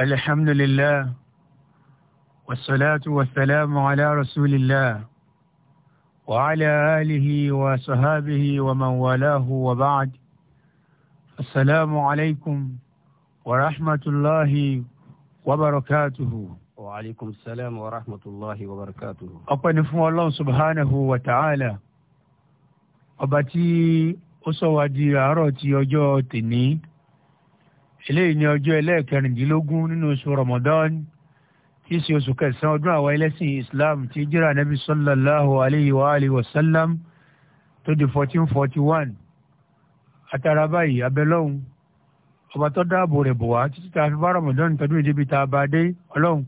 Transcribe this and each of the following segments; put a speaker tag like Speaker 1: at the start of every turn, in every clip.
Speaker 1: الحمد لله والصلاة والسلام على رسول الله وعلى آله وصحابه ومن والاه وبعد السلام عليكم ورحمة الله وبركاته
Speaker 2: وعليكم السلام ورحمة الله وبركاته
Speaker 1: أقن الله سبحانه وتعالى أبتي أصوى دي أرى تيوجو eléyìí ni ọjọ́ ẹlẹ́ẹ̀kẹrìndínlógún nínú oṣù ramadan tí í ṣe oṣù kẹsàn-án ọdún àwa ẹlẹ́sìn islam tí jíra nabi sallallahu alayhi wa alayhi wa sallam tó di fourteen forty one àtàrà báyìí abẹ́lọ́hún ọba tó dáàbò rẹ̀ bò wá títí tá a fi bá ramadan tọdún ìdíbi tá a bá dé ọlọ́hún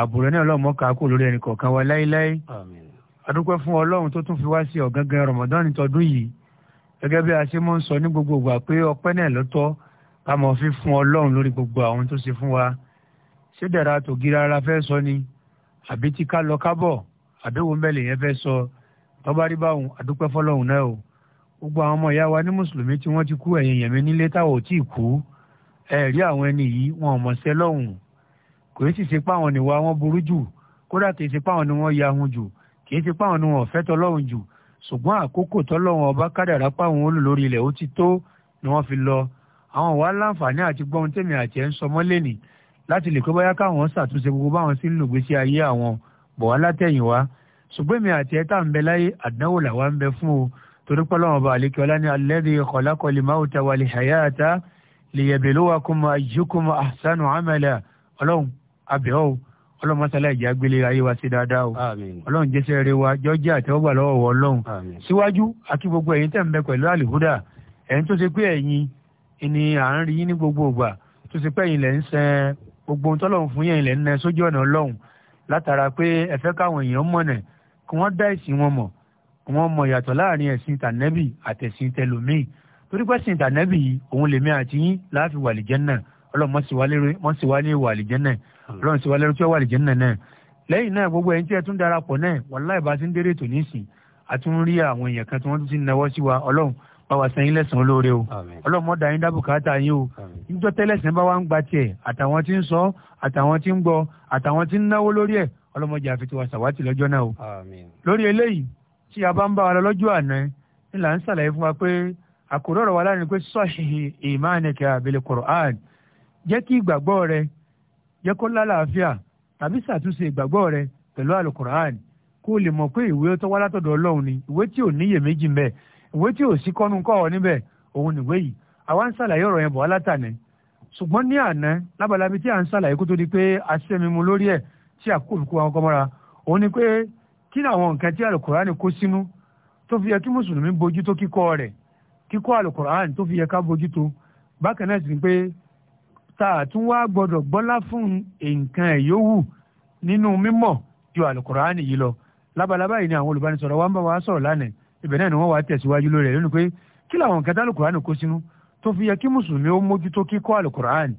Speaker 1: àbúrò náà ọlọ́run mọ́ka kó lórí ẹnì kọ̀ọ̀kan wa láéláé adúpẹ́ fún ọlọ́run tó tún fi wá sí ọ̀gángan ramadan tọdún yìí gẹ́gẹ́ bí a ṣe mọ́ ń sọ ní gbogbo ìgbà ọpẹ́ náà lọ́tọ́ ká mọ̀ fi fún ọlọ́run lórí gbogbo àwọn tó ṣe fún wa ṣé dẹ̀ra tògì rárá fẹ́ sọ ni àbí tí ká lọ kábọ̀ àbẹ̀wò mẹ́lẹ̀ yẹn fẹ́ sọ tọ́ba rí báwọn àdúpẹ́ fọlọ́run náà o gbogbo àwọn ọmọ ìyá wa ní mùsùlùmí tí wọ́n ti kú ẹ̀yìn yẹ̀mí nílé táwọn ò tí ì kú ẹ̀rí àwọn ẹni yìí wọn ò mọ̀ sẹ́ lọ́hùn kò sì ṣe páwọn ni wa wọn burú jù kódà kì í ṣe páwọn ni wọ́n ya hun jù kì í ṣe páwọn ni wọn ò fẹ́ tọ́lọ́hùn jù ṣùgbọ́n àkókò tọ́lọ́hùn ọba kádàrá páwọn olùlórí ilẹ̀ ó ti tó ni wọ́n fi lọ àwọn wà láǹfààní àti gbọ́n tèmi àti ẹ̀ ń sọmọ́ lẹ́nì láti lè pé bóyá káwọn ṣàtúnṣe gbogbo báwọn sí ń lò gbèsè ayé àwọn bọ̀ wá látẹ̀yìn wá ṣùgbọ́n èmi àti ẹ̀ ń bẹ láyé àdánwò làwa ń bẹ fún o torí pé ọlọ́run ọba àlekí ọlá ní alladhi khalaqal mauta wal hayata ta ayyukum ahsanu amala ọlọ́run abẹ́ ọ́ ọlọ́run mọ́sálá ìjà gbélé ayé wa sí dáadáa o ọlọ́run jẹ́sẹ̀ wa jọ́jà àtẹ́wọ́gbà lọ́wọ́ ọlọ́run síwájú àti gbogbo ẹ̀yin tẹ̀ ń bẹ pẹ̀lú àlìhúdà ẹ̀yin ni à ń rí ní gbogbo ìgbà tó ti pẹ́ yìí lẹ́ ń sẹ́ gbogbo ohun tọ́lọ́run fún yẹn lẹ́ ń nẹ sójú ọ̀nà ọlọ́run látara pé ẹ fẹ́ káwọn èèyàn mọ̀nà kí wọ́n dá ẹ̀sìn wọn mọ̀ wọ́n mọ̀ yàtọ̀ láàrin ẹ̀sìn tànẹ́bì àtẹ̀sìn tẹlòmíì torí pé ẹ̀sìn tànẹ́bì yìí òun lèmi àti yín láàfin wàlìjẹ́nà ọlọ́run mọ̀ sí wálé wàlìjẹ́nà ọlọ́run sí wa ọlọ́run báwa sẹ́yìn lẹ́sìn olóore o ọlọ́mọdà yín dábùkátà yín o níjọ́ tẹ́lẹ̀sìn bá wa ń gba tiẹ̀ àtàwọn tí ń sọ àtàwọn tí ń gbọ́ àtàwọn tí ń náwó lórí ẹ̀ ọlọ́mọdé àfitì wa sàwátì lọ́jọ́ náà o. lórí eléyìí tí a bá ń bá wa lọ lọ́jọ́ àná ni là ń sàlàyé fún wa pé àkòrí ọ̀rọ̀ wa lánàá pé sọ́ọ̀ṣì ìmáàníkà bil Qur'an jẹ́ kí ìgbàgbọ́ ni ìwé tí ò níyèméjì ìwé tí ò sí kọ́nu kọ́ ọ níbẹ̀ òun nìwé yìí àwa ń ṣàlàyé ọ̀rọ̀ yẹn bọ̀ látàní ṣùgbọ́n ní àná lábalábí tí à ń ṣàlàyé kó tó di pé aṣẹ́mimu lórí ẹ̀ tí àkókò àwọn kọ́mọ́ra òun ni pé kí ni àwọn nǹkan tí alukoran kó sínú tó fi yẹ kí mùsùlùmí bójú tó kíkọ́ rẹ̀ kíkọ́ alukoran tó fi yẹ ká bójú bákan náà sì ni pé tá a tún wá gbọdọ̀ gbọ́lá fún nǹkan ẹ̀yọ́wù nínú mímọ̀ ju alukoran yìí lọ lábalábá yìí ni àwọn olùbánisọ̀rọ̀ wa ń bá wa sọ̀rọ̀ lánàá ibẹ̀ náà ni wọ́n wá tẹ̀síwájú lórí ẹ̀ lónìí pé kí làwọn nǹkan tá alukur'an kó sínú tó fi yẹ kí mùsùlùmí ó mójútó kíkọ́ alukur'an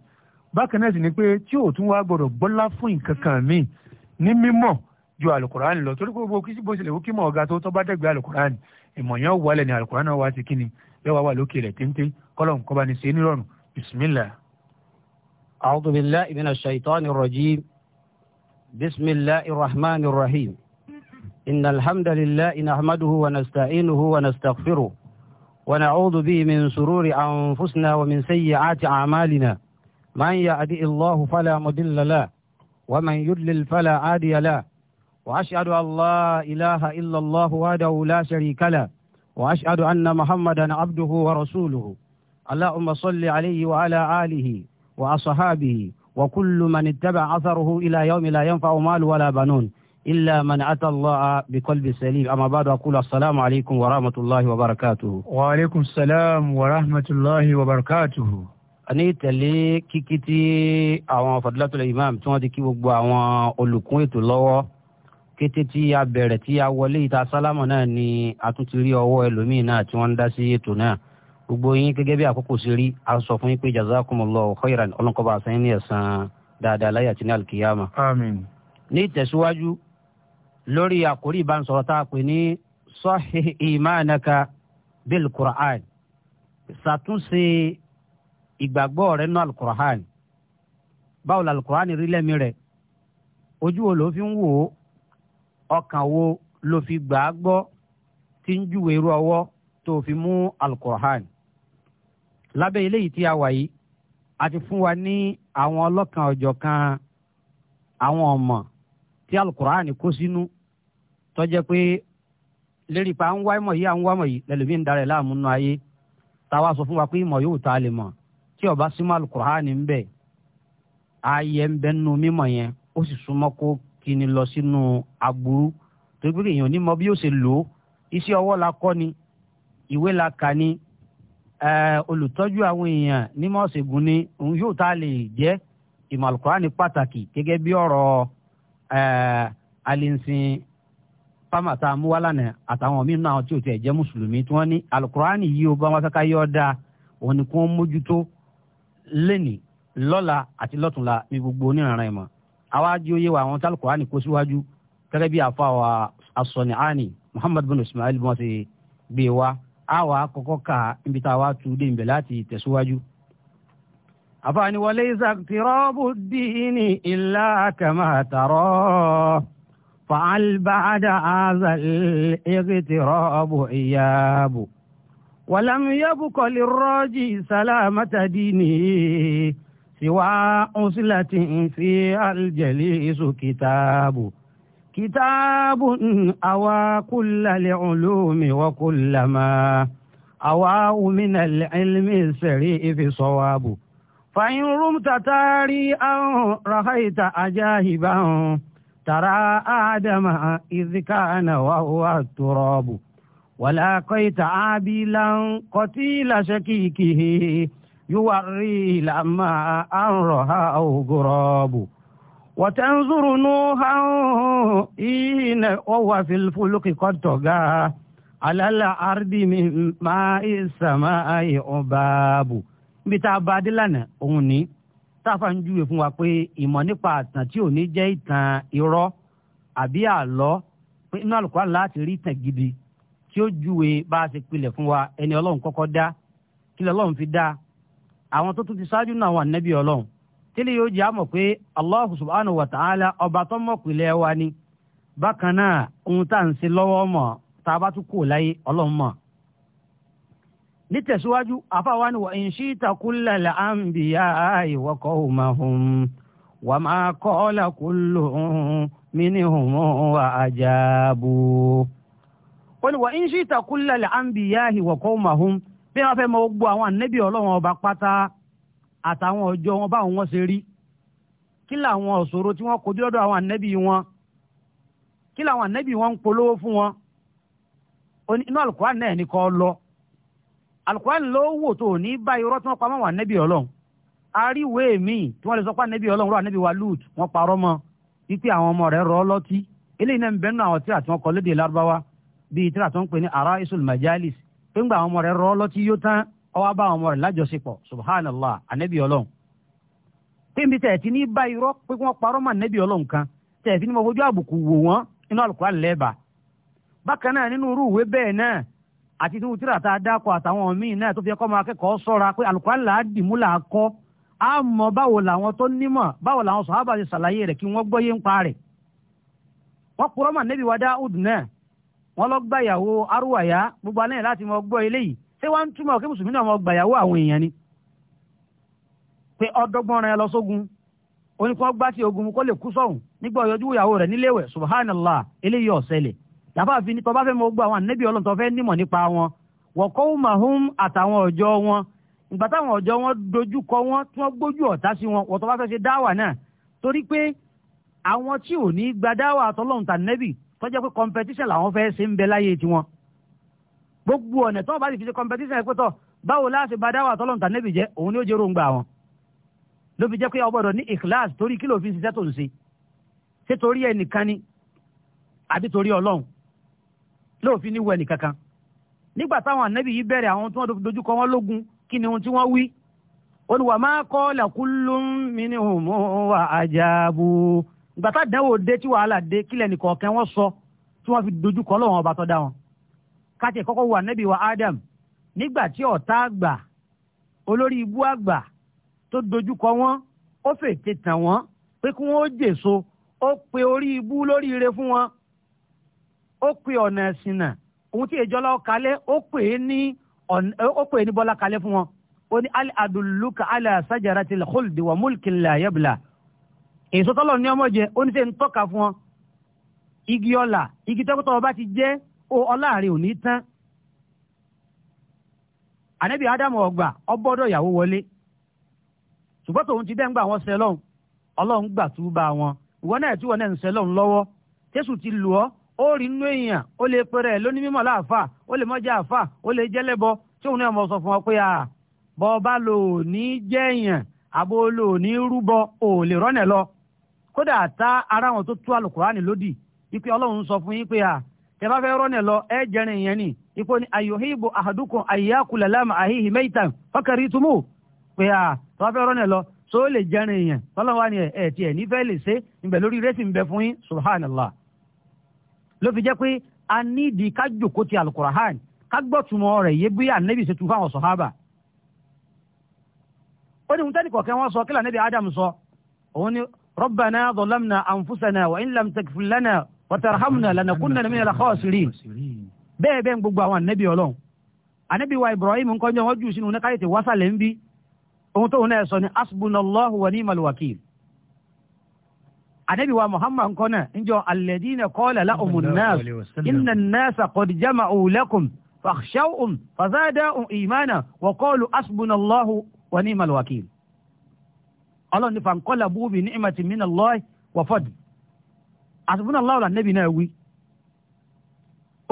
Speaker 1: bákan náà sì ni pé tí ò tún wá gbọdọ̀ gbọ́lá fún nǹkan kan míì ní mímọ̀ ju alukur'an lọ torí pé bó ṣe lè wú kí mọ̀ ọ̀gá tó tọ́ bá dẹ́gbẹ́ alukur'an ìmọ̀ yẹn wọlé ni alukur'an náà wá ti kíni yóò wá wà lókè rẹ̀ téńté bismillah.
Speaker 2: a'udhu إن الحمد لله نحمده ونستعينه ونستغفره ونعوذ به من سرور أنفسنا ومن سيئات أعمالنا من يأدي الله فلا مضل له ومن يضلل فلا هادي له وأشهد أن لا إله إلا الله وحده لا شريك له وأشهد أن محمدا عبده ورسوله اللهم صل عليه وعلى آله وأصحابه وكل من اتبع أثره إلى يوم لا ينفع مال ولا بنون إلا من أتى الله بقلب سليم أما بعد أقول السلام عليكم ورحمة الله وبركاته
Speaker 1: وعليكم السلام ورحمة الله وبركاته
Speaker 2: ní ìtẹ̀lé kíkí tí àwọn fadilatul imam tí wọ́n ti kí gbogbo àwọn olùkún ètò lọ́wọ́ kété tí a bẹ̀rẹ̀ tí a wọlé ìta sálámù náà ni a tún ti rí ọwọ́ ẹlòmíì náà tí wọ́n ń dá sí ètò náà gbogbo yín gẹ́gẹ́ bí àkókò sí rí a sọ fún yín pé jazakumullahu khairan ọlọ́nkọ́ba àṣẹ ní ẹ̀sán dáadáa láyé àti ní alkiyama. àmín. ní ìtẹ̀síwájú lórí àkórí ìbánisọ̀rọ̀ tá a pè ní sahih imanaka bil qur'an ṣàtúnṣe ìgbàgbọ́ rẹ̀ nínú alukur'an báwo la alukur'an rí lẹ́mí rẹ̀ ojú wo ló fi ń wò ó ọkàn wo ló fi gbà á gbọ́ tí ń júwe irú ọwọ́ tó fi mú alukur'an lábẹ́ eléyìí tí a wà yìí a ti fún wa ní àwọn ọlọ́kan ọ̀jọ̀ kan àwọn ọmọ tí alukur'an kó sínú tó jẹ́ pé lérí pa à ń wá ìmọ̀ yìí à ń yìí lẹ́lòmíì ń darẹ̀ ayé táwa sọ fún wa pé ìmọ̀ yóò ta lè mọ̀ tí ó bá símọ́ alukur'an ń bẹ ayé ń bẹ nù mímọ̀ yẹn ó sì súnmọ́ kó kíni lọ sínú aburú torí pé èèyàn ní mọ bí yóò ṣe lò ó iṣẹ́ ọwọ́ la kọ́ ni ìwé la kà ni eh, olùtọ́jú àwọn èèyàn ní mọ̀ọ́sẹ̀gùn ni òun yóò ta lè jẹ́ ìmọ̀ alukur'an pàtàkì gẹ́gẹ́ bí ọ̀rọ̀ Eh, alinsin fáma tá a mú wá lánàá àtàwọn míín náà tí o tiẹ̀ jẹ́ mùsùlùmí tí wọ́n ní alukurani yìí o bá wọn kaka yọ da òun ni kí wọ́n mójútó lẹ́nì lọ́la àti lọ́tùnla ní gbogbo onírànràn ìmọ̀ àwa jí ó yé wa àwọn tí alukurani kó síwájú gẹ́gẹ́ bí àfa wa asọ̀ni ani muhammad bin ismail bí wọ́n ti gbé wa àwa kọ́kọ́ ka níbi wa a wá tu dé nbẹ̀ láti tẹ̀síwájú àfààní wọlé ìsàkìtìrọ́bù dìínì ìlà kàmàtàrọ́ fàálbàdà àzàlẹ́kìtìrọ́bù ìyàbù wàlámù yẹ́bùkọ̀ lè rọ́jì sàlámàtà dìínì siwa ọ̀sílàtì fi àlùjẹ̀lì èso kìtàbù kìtàbù àwa kúlàlẹ̀ ọlọ́mi wà kúlàmà àwa òmìnà ẹ̀lẹ́mì sẹ̀rí ìfisọ́wàbù fàyín rúm tàtàrí àwọn ràhàìtà ajá ìbá wọn tàrà ádámà ìzíkà náà wà wà tùrọ̀bù wàlàkọ́ìtà ábílà kọtílà ṣẹ́kìkìhì يوري لما أنرها أو غراب وتنظر نوحا إن وهو في الفلك قد تقى على الأرض من ماء níbi tá a bá dé lánàá òun ní táfà ń júwe fún wa pé ìmọ̀ nípa àtàn tí ò ní jẹ́ ìtàn irọ́ àbí àlọ́ pé inú àlùkò láti rí ìtàn gidi tí ó júwe bá a ṣe pilẹ̀ fún wa ẹni ọlọ́run kọ́kọ́ dá kí lọ́lọ́run fi dá àwọn tó tún ti ṣáájú náà wà nẹ́bí ọlọ́run tílé yóò jẹ́ àmọ̀ pé Allah subhanahu wa ta'ala ọba tó mọ̀ pìlẹ̀ wa ni bákan náà ohun tá à ń ṣe lọ́wọ́ mọ̀ tá a bá tún kò láyé ọlọ́run mọ̀ nítẹ̀síwájú àfàwa ni wà ń ṣí takúlẹ̀ là á ń bì yá ìwọkọ̀ òmà hùn wà máa kọ́ làkúlò mí ní hùn wà àjàbù. ó ní wà ń ṣí takúlẹ̀ là á ń bì yá ìwọkọ̀ òmà hùn bí wọ́n fẹ́ mọ gbogbo àwọn ànẹ́bí ọlọ́run ọba pátá àtàwọn ọjọ́ wọn báwọn wọn ṣe rí kí làwọn òṣòro tí wọ́n kojú lọ́dọ̀ àwọn ànẹ́bí wọn kí làwọn ànẹ́bí wọn ń polówó fún wọn inú ní kọ́ lọ alukurani ló wò tó ní bá irọ́ tí wọ́n pa mọ́ wà nẹ́bí ọlọ́run àríwé mi tí wọ́n lè sọ pé nẹ́bí ọlọ́run rọ nẹ́bí wa lut wọ́n parọ́ mọ́ wípé àwọn ọmọ rẹ̀ rọ́ lọ́tí eléyìí náà ń bẹ́ẹ̀ nínú àwọn tíra tí wọ́n kọ lédè lárúbáwá bíi tíra tí wọ́n ń pè ní ara isul majalis pé ńgbà àwọn ọmọ rẹ̀ rọ́ lọ́tí yóò tán ọwọ́ bá àwọn ọmọ rẹ̀ lájọṣepọ̀ subhanallah anẹ́bí ọlọ́run pé nbí tẹ̀ẹ̀tì ní bá irọ́ pé wọ́n parọ́ mọ́ anẹ́bí ọlọ́run kan tẹ̀ẹ̀tì ní mo fojú àbùkù wò wọ́n inú àlùkò àlẹ́bà bákan náà nínú irú ìwé bẹ́ẹ̀ náà àti tí wùtírà tá a dákọ̀ àtàwọn míì náà tó fi ẹ̀kọ́ máa kẹ́kọ̀ọ́ sọ́ra pé àlùkùránì là á dìmú là á kọ́ á mọ báwo làwọn tó nímọ̀ báwo làwọn sàhábà ti ṣàlàyé rẹ̀ kí wọ́n gbọ́yé ń pa rẹ̀. wọ́n purọ́ mọ̀ níbi wa dáhùd náà wọ́n lọ gbàyàwó arúwàyá gbogbo alẹ́ láti mọ gbọ́ eléyìí ṣé wọ́n ń túmọ̀ kí mùsùlùmí náà mọ gbàyàwó àwọn èèyàn ni. pé ọdọ́gbọ́n rẹ̀ lọ sógun oníkan gbá sí ogun kó lè kú sọ́hùn nígbà ọyọjú ìyàwó subhanallah eléyìí ọ̀sẹ̀lẹ̀ làbá fi ni tọ́ bá fẹ́ mọ gbọ́ àwọn ànẹ́bí ọlọ́run tó fẹ́ nímọ̀ nípa wọn wọ̀kọ́ mahum àtàwọn ọ̀jọ́ wọn ìgbà táwọn ọ̀jọ́ wọn dojú kọ wọn tí wọ́n gbójú ọ̀tá sí wọn wọ́n tó bá fẹ́ ṣe dáwà náà torí pé àwọn tí ò ní gba dáwà àtọ́lọ́run tànẹ́bì tó jẹ́ pé competition làwọn fẹ́ ṣe ń bẹ láyé tiwọn gbogbo ọ̀nà tí bá sì fi ṣe competition ẹ̀ pẹ́tọ̀ báwo láti ba dáwà àtọ́lọ́run tànẹ́bì jẹ́ òun ni ó jẹ́ róńgbà wọn ló fi jẹ́ pé ọgbọ́dọ̀ ní ìkíláàsì torí kí ló fi ṣiṣẹ́ tó ń ṣe ṣé torí ẹnìkan ni àbí torí ọlọ́run lóòfin ní wẹ̀nì kankan nígbà táwọn ànábì yìí bẹ̀rẹ̀ àwọn tí wọ́n dojú kọ wọn lógun kí ni ohun tí wọ́n wí olùwà máa kọ́ lẹ́kúnlùm minhum wà àjàbù ìgbà tá dánwò dé tí wàhálà dé kílẹ̀ nìkan kẹ́ wọ́n sọ tí wọ́n fi dojú kọ lọ́wọ́n ọba tó dá wọn káti kọ́kọ́ wà nẹ́bí wa Adam nígbà tí ọ̀tá àgbà olórí ibú àgbà tó dojú kọ wọn ó fètè tàn wọn pé kí wọn ó jèso ó pe orí ibú lórí ire fún wọn ó pe ọ̀nà ẹ̀sìn náà òun tí ìjọba ọ̀kalẹ̀ ó pè é ní ó pè é ní bọ́lá kalẹ̀ fún wọn ó ní al adulluka ala sajaratil khuldi wa mulkin la yabla èso tọ́lọ̀ ní ọmọ jẹ ó ní sẹ́ ń tọ́ka fún wọn igi ọ̀la igi tẹ́kọ̀tọ̀ ọba ti jẹ́ ó ọláàrin ò ní tán ànábì ádámù ọgbà ọbọ̀dọ̀ ìyàwó wọlé ṣùgbọ́n tòun ti dẹ́ngbà wọn sẹlọ́n ọlọ́run gbà tú bá wọn ìwọ náà tí wọn náà ń sẹlọ́n lọ́wọ́ jésù ti lù ọ́ ó rí nínú èèyàn ó lè pẹrẹ ẹ lóní mímọ láàfà ó lè mọjá àfà ó lè jẹlẹbọ tí òun náà mọ sọ fún ọ pé bọ ọba lò ní jẹyàn àbò lò ní rúbọ ò lè rọnà lọ kódà tá ara wọn tó tú àlùkùránì lódì ipe Ọlọ́run sọ fún yín pé tẹ bá fẹ́ rọnà lọ ẹ ni ipò ni ayòhìbò àdúkùn àyíyákulẹ̀ àhíhì mẹ́ta fọkàrí túmù pé tẹ bá rọnà lọ tó lè jẹrin yẹn ni ló fi jẹ́ pé a ní ìdí ká jòkó ti alukurahan ká gbọ́ túmọ̀ rẹ̀ yé bí ànẹ́bí ṣe tún fáwọn sọ̀hábà ó ní mutani kọ̀ọ̀kẹ́ wọn sọ kí lànẹ́bí adam sọ òun ni rọ́bànà dọ̀lámnà ànfúsànà wà ń lam tẹkifìlánà wàtàràhàmùnà lànà kúnnà ní mílẹ̀ lọ́kọ́sìrì bẹ́ẹ̀ bẹ́ẹ̀ gbogbo àwọn ànẹ́bí ọlọ́run ànẹ́bí wa ibrahim ń kọjá wọn jù sínú ní káyọ̀tì wásálẹ̀ ń bí ohun tóun anabi wa muhammad nkọ́nà njọ alẹ́dínà kọ́lá láhùn náà iná náà kọ̀dìjámà òwúlẹ́kùn fàṣẹ́wùn fàzádà ìmánà wọ́kọ́lù asbunallahu wa ní malwakil. ọlọ́run ní fankọ́lá búbi ní ìmàtí mínà lọ́ọ̀ wọ́fọ́dì asbunallahu la nabi náà wí.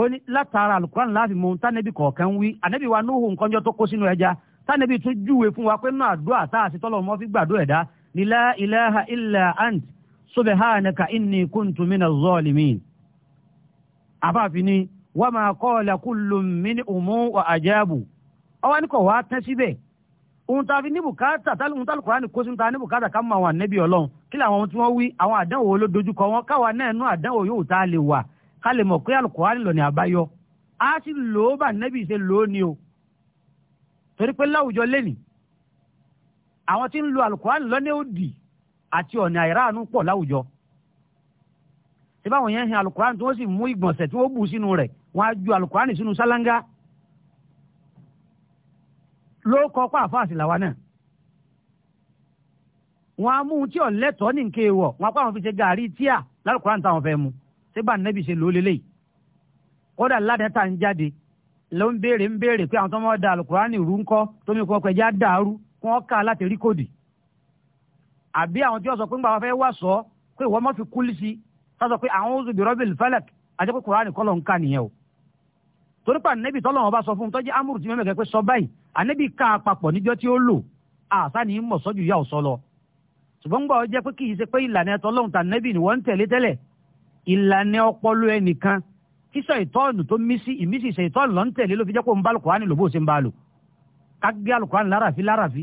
Speaker 2: ó ní látara alukuran láti mú tánẹ́bì kọ̀ọ̀kan wí anabi wa nuhu nkọ́njọ́ tó kó sínú ẹja tánẹ́bì tún júwe fún wa pé náà àdúrà tá a sì tọ́lọ̀ mọ́ fi la ilaha illa ant subhanaka inni kuntu mina zalimin àbáfi ni wa ma qala kullun minhum wa ajabu ọwọ́ ní kò wá tẹ́ síbẹ̀ ohun tá a fi ní bùkátà tá ohun tá a Kùránì kó sí ta ní bùkátà ká mọ àwọn ànẹ́bí ọlọ́run kí làwọn ohun tí wọ́n wí àwọn àdánwò ló dojúkọ wọn káwa náà nú àdánwò yóò tá a lè wà ká lè mọ̀ pé Al-Kùránì lọ́ni àbáyọ á sì lò ó bá ànẹ́bí ṣe lò ó ni o torí pé láwùjọ lẹ́nìí àwọn tí lo Al-Kùránì lọ́ni ó àti ọ̀nà àìráàánú pọ̀ láwùjọ tí báwọn yẹn hin alukurani tí wọ́n sì mú ìgbọ̀nsẹ̀ tí wọ́n bù sínú rẹ̀ wọ́n á ju alukurani sínú sálángá ló kọ́ pa àfáàsì làwa náà wọ́n á mú tí ò lẹ́tọ̀ọ́ ní nké wọ̀ wọ́n á pa àwọn fi ṣe gàárì tíà lálukurani táwọn fẹ́ mu tí bá nẹ́bí ṣe lóò lélẹ́yìí kódà ládàá tá ń jáde ló ń béèrè ń béèrè pé àwọn tó máa da alukurani rú ńkọ́ tómi kọ́ pẹ̀já dàrú kí wọ́n ká láti rí kòdì àbí àwọn tí wọ́n sọ pé ń gbà wọ́n fẹ́ wà sọ pé ìwọ́n mọ́ fi kúlí sí sọ pé àwọn oṣù bí rọ́bìlì falak àti pé kùránì kọ́ ló ń kà nìyẹn o torí pa nẹ́bì tọ́lọ́ wọn bá sọ fún un tọ́jú amúrù tí mẹ́mẹ́ kẹ́kẹ́ sọ báyìí ànẹ́bì ká papọ̀ níjọ́ tí ó lò àṣàní mọ̀ sọ́jú yà ó sọ lọ ṣùgbọ́n gbà ó jẹ́ pé kì í ṣe pé ìlànà ẹ̀tọ́ ni wọ́n ń tẹ̀lé tẹ́lẹ̀ ìlànà ọpọlọ ẹnìkan tí ṣàìtọ́ọ̀nù tó mí sí ìmísí ṣàìtọ́ọ̀nù lọ́n tẹ̀lé ló fi jẹ́ kó ń bá alukurani lò bó ṣe ń bá a lò ká gé alukurani láràfi láràfi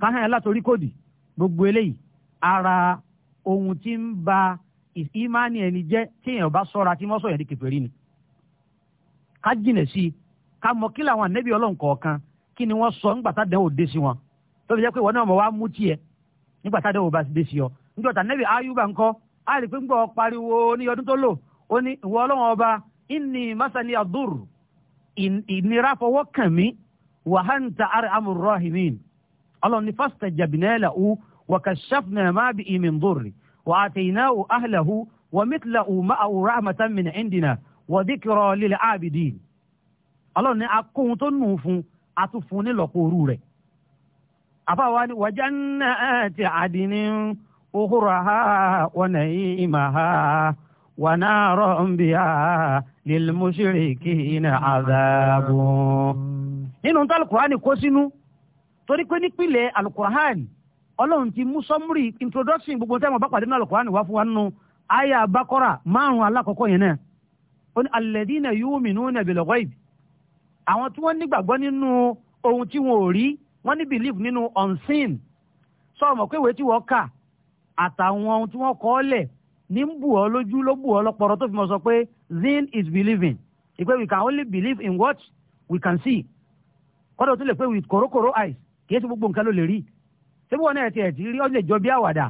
Speaker 2: ká hàn yẹn látòrí kòdì gbogbo eléyìí ara ohun tí ń ba ìmánì ẹni jẹ́ tí èèyàn bá sọ́ra tí mọ́sọ̀ yẹn di kèfèrí ni ká jìnà sí i ká mọ kí làwọn ànẹ́bí ọlọ́run kọ̀ọ̀kan kí ni wọ́n sọ nígbà tádẹ́ ò dé sí wọn tó fi jẹ́ pé wọ́n náà mọ̀ wá mú tiẹ̀ nígbà tádẹ́ ò bá dé sí ọ nígbà tànẹ́bí ayúbà ńkọ́ àìrí pé ń gbọ́ pariwo ní ọdún tó lò ó ní ìwọ ọlọ́run ọba inni masani adur ìnira fọwọ́ kàn mí wàhántà arhamur rahimin ọlọ́run ní fastajabna lahu wa kashafna ma bihi min durri wa ataynahu ahlahu wa mithlahu ma'ahu rahmatan min indina wa dhikra lil abidin ọlọ́run ní akóhun tó nù fún atúfun nílọ̀pọ̀ òru rẹ̀ àfàwọn wa jannati adnin ukhraha wa na'imaha wa naran biha lil mushrikina adhabun nínú tálùkù á ní kó torí pé nípìnlẹ̀ alukur'an ọlọ́run ti mú sọ́múrì introduction gbogbo tẹ́wọ̀n bá pàdé nínú alukur'an wá fún wa nínú aya bakora márùn alákọ̀ọ́kọ́ yẹn náà ó ní alladhina yu'minuna bil ghaib àwọn tí wọ́n nígbàgbọ́ nínú ohun tí wọn ò rí wọ́n ní belief nínú unseen sọ̀rọ̀ pé ìwé tí wọ́n kà àtàwọn ohun tí wọ́n kọ́ ọ́ lẹ̀ ní ń bù ọ́ lójú ló bù ọ́ lọ́pọ̀rọ̀ tó fi mọ̀ sọ pé zin is believing ìpè we can only believe in what we can see kọ́dọ̀ tó lè pé with korokoro eyes kì gbogbo nǹkan ló lè rí ṣé bí wọn náà ti ẹ̀ rí ó lè àwàdà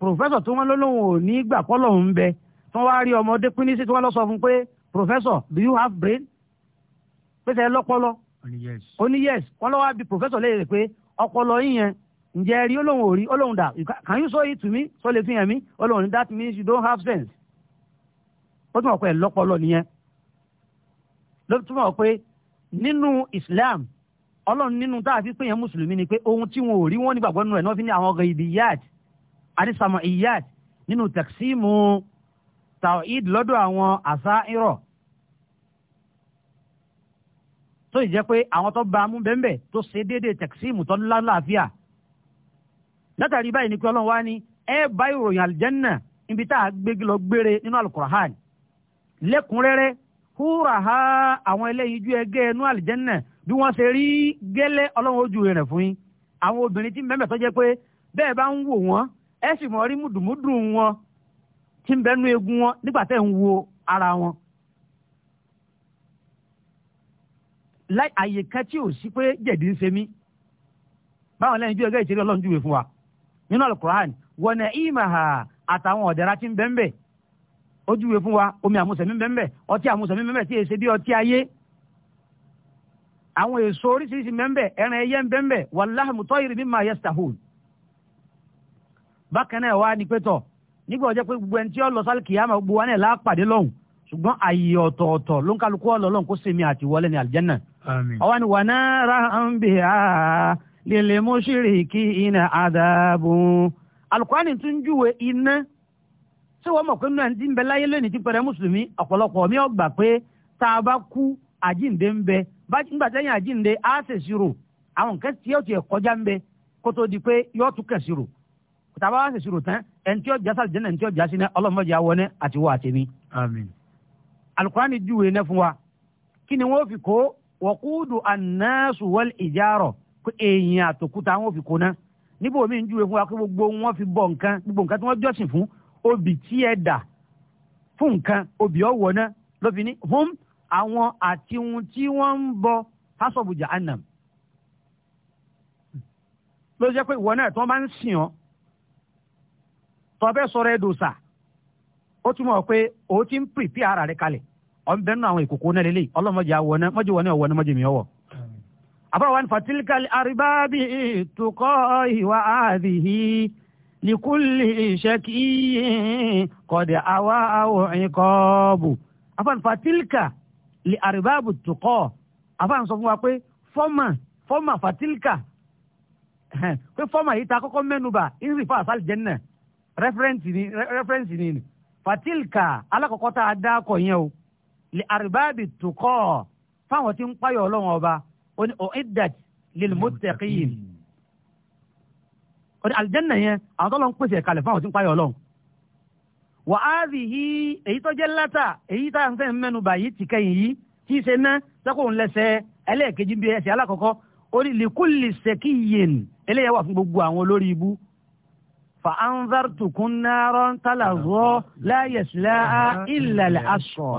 Speaker 2: pòfẹ́sọ̀ tí wọ́n lólóhùn ò ní gbà kọ́lọ̀ ń bẹ tí wọ́n wá rí ọmọdé pín sí tí wọ́n lọ sọ fún pé pòfẹ́sọ̀ do you have brain pèsè ẹ lọ́pọlọ ó ní yes wọ́n bí pòfẹ́sọ̀ léèrè pé ọpọlọ yín yẹn ǹjẹ́ rí olóhùn ò rí olóhùn dà can you show it to me so lè fi hàn mí ni that means you don't have sense ó pé nìyẹn ló pé nínú Islam ọlọ́run nínú tá a fi pèyàn mùsùlùmí ni pé ohun tí wọn ò rí wọn nígbàgbọ́ nínú ẹ̀ náà fi ní àwọn ghaibiyat àdìsàmọ̀ iyat nínú taksimu tawhid lọ́dọ̀ àwọn àṣà irọ́ tó ì jẹ́ pé àwọn tó bá a mú bẹ́ẹ̀ tó ṣe déédéé taksimu tó ńlá láàfíà látàrí báyìí ni pé ọlọ́run wá ní ẹ bá ìròyìn àlìjẹ́nà níbi tá a gbé lọ gbére nínú alukurahan lẹ́kùnrẹ́rẹ́ húrà ha àwọn eléyìí ju ẹgẹ́ ẹnu àlìjẹ́nà bí wọ́n ṣe rí gẹ́lẹ́ ọlọ́run ojú rẹ̀ fún yín àwọn obìnrin tí mẹ́mẹ́ tó jẹ́ pé bẹ́ẹ̀ bá ń wò wọ́n ẹ sì mọ̀ rí mùdùmùdù wọn tí ń bẹnu egun wọn nígbà tẹ́ ń wo ara wọn. láì àyè kan tí ò sí pé jẹ̀dí ń ṣe mí báwọn lẹ́yìn ju ẹgbẹ́ ìṣeré ọlọ́run júwe fún wa nínú alukur'an wọnà ìmàhà àtàwọn ọ̀dẹ́ra tí ń bẹ́ńbẹ́ ó fún wa omi àmúṣẹ̀mí bẹ́ńbẹ́ ọtí àmúṣẹ̀mí bẹ́ńbẹ́ tí èsè bí ọtí ayé àwọn èso oríṣiríṣi mẹ́ńbẹ̀ ẹran ẹyẹ ń bẹ́ńbẹ̀ wàláhì mùtọ́yìrì mimma yastahun. bákan náà wá ní pẹ́tọ̀ nígbà ọjọ́ pé gbogbo ẹni tí ó lọ sálì kìyàmà gbogbo wa náà lápàdé lọ́hùn ṣùgbọ́n àyè ọ̀tọ̀ọ̀tọ̀ ló ń kálukú kó àti wọlé ní ni ń bè á mú nígbà tẹ́yìn àjínde á ṣèṣirò àwọn nǹkan tí yóò tiẹ̀ kọjá ń bẹ kó tó di pé yóò tún kẹ̀sirò tàbá wá ṣèṣirò tán ẹni tí yóò já sàlẹ̀ jẹ́nà ẹni tí yóò já sí náà ọlọ́mọdé àwọn ní àti wọ́n àtẹ̀mí. àmín. alukurani júwe náà fún wa kí ni wọ́n fi kó wọ́kúùdù ànáṣù wọ́l ìjárọ̀ pé èèyàn àtòkúta wọ́n fi kó náà níbo mi ń júwe fún wa pé gbogbo wọn fi bọ nǹkan gbogbo nǹkan tí wọ́n jọ́sìn fún obì tí ẹ dà fún nǹkan obì ọ̀wọ́ náà ló fi àwọn àti ohun tí wọ́n ń bọ hasabu jahannam ló jẹ́ pé ìwọ náà tí wọ́n bá ń sìn ọ́ tó fẹ́ sọ̀rọ̀ ẹ̀ dòṣà ó túmọ̀ pé o ti ń pìpì ara rẹ kalẹ̀ ọ̀n bẹ́ẹ̀ àwọn ìkòkò náà lélẹ̀ ọlọ́mọdé àwọn náà mọ́jú wọn náà wọ́n náà mọ́jú mi ọ̀wọ́. àbáwọn fatilikali aribabi tukọ ìwà àdìhí likuli ṣẹkì kọ̀dẹ̀ àwa àwọn ìkọ́ọ̀bù àbáwọn fatilika lè àrìbáàbù tòkọ́ àfáà sọ fún wa pé fọ́mà fọ́mà fatilka pé fọ́mà yìí ta kọ́kọ́ mẹ́nuba ìrìn fún àṣà jẹ́nà rẹ́fẹ́rẹ́nsì ni fatilka alákọ̀ọ́kọ́ tá a dá akọ̀ yẹn o lè àrìbáàbù tòkọ́ fáwọn tí ń payọ̀ ọlọ́wọ́n ọba ó ní ọ̀ ìdàt lè mọ́tẹ́kì ní àlìjẹ́nà yẹn àwọn tó lọ ń pèsè kalẹ̀ fáwọn tí ń payọ̀ ọlọ́wọ́n wà á rì hí èyí tó jẹ́ látà èyí tá à ń fẹ́ mẹ́nu báyìí ti kẹ́yìn yìí tí í ṣe ná sẹ́kùn lẹ́sẹ̀ ẹlẹ́ẹ̀kejì bíi ẹsẹ̀ alákọ̀ọ́kọ́ orí lìkúlì sẹ́kìyìn eléyà wà fún gbogbo àwọn olórí ibú. fa anzartukun naran talazọ la yaslaha illa al-ashqa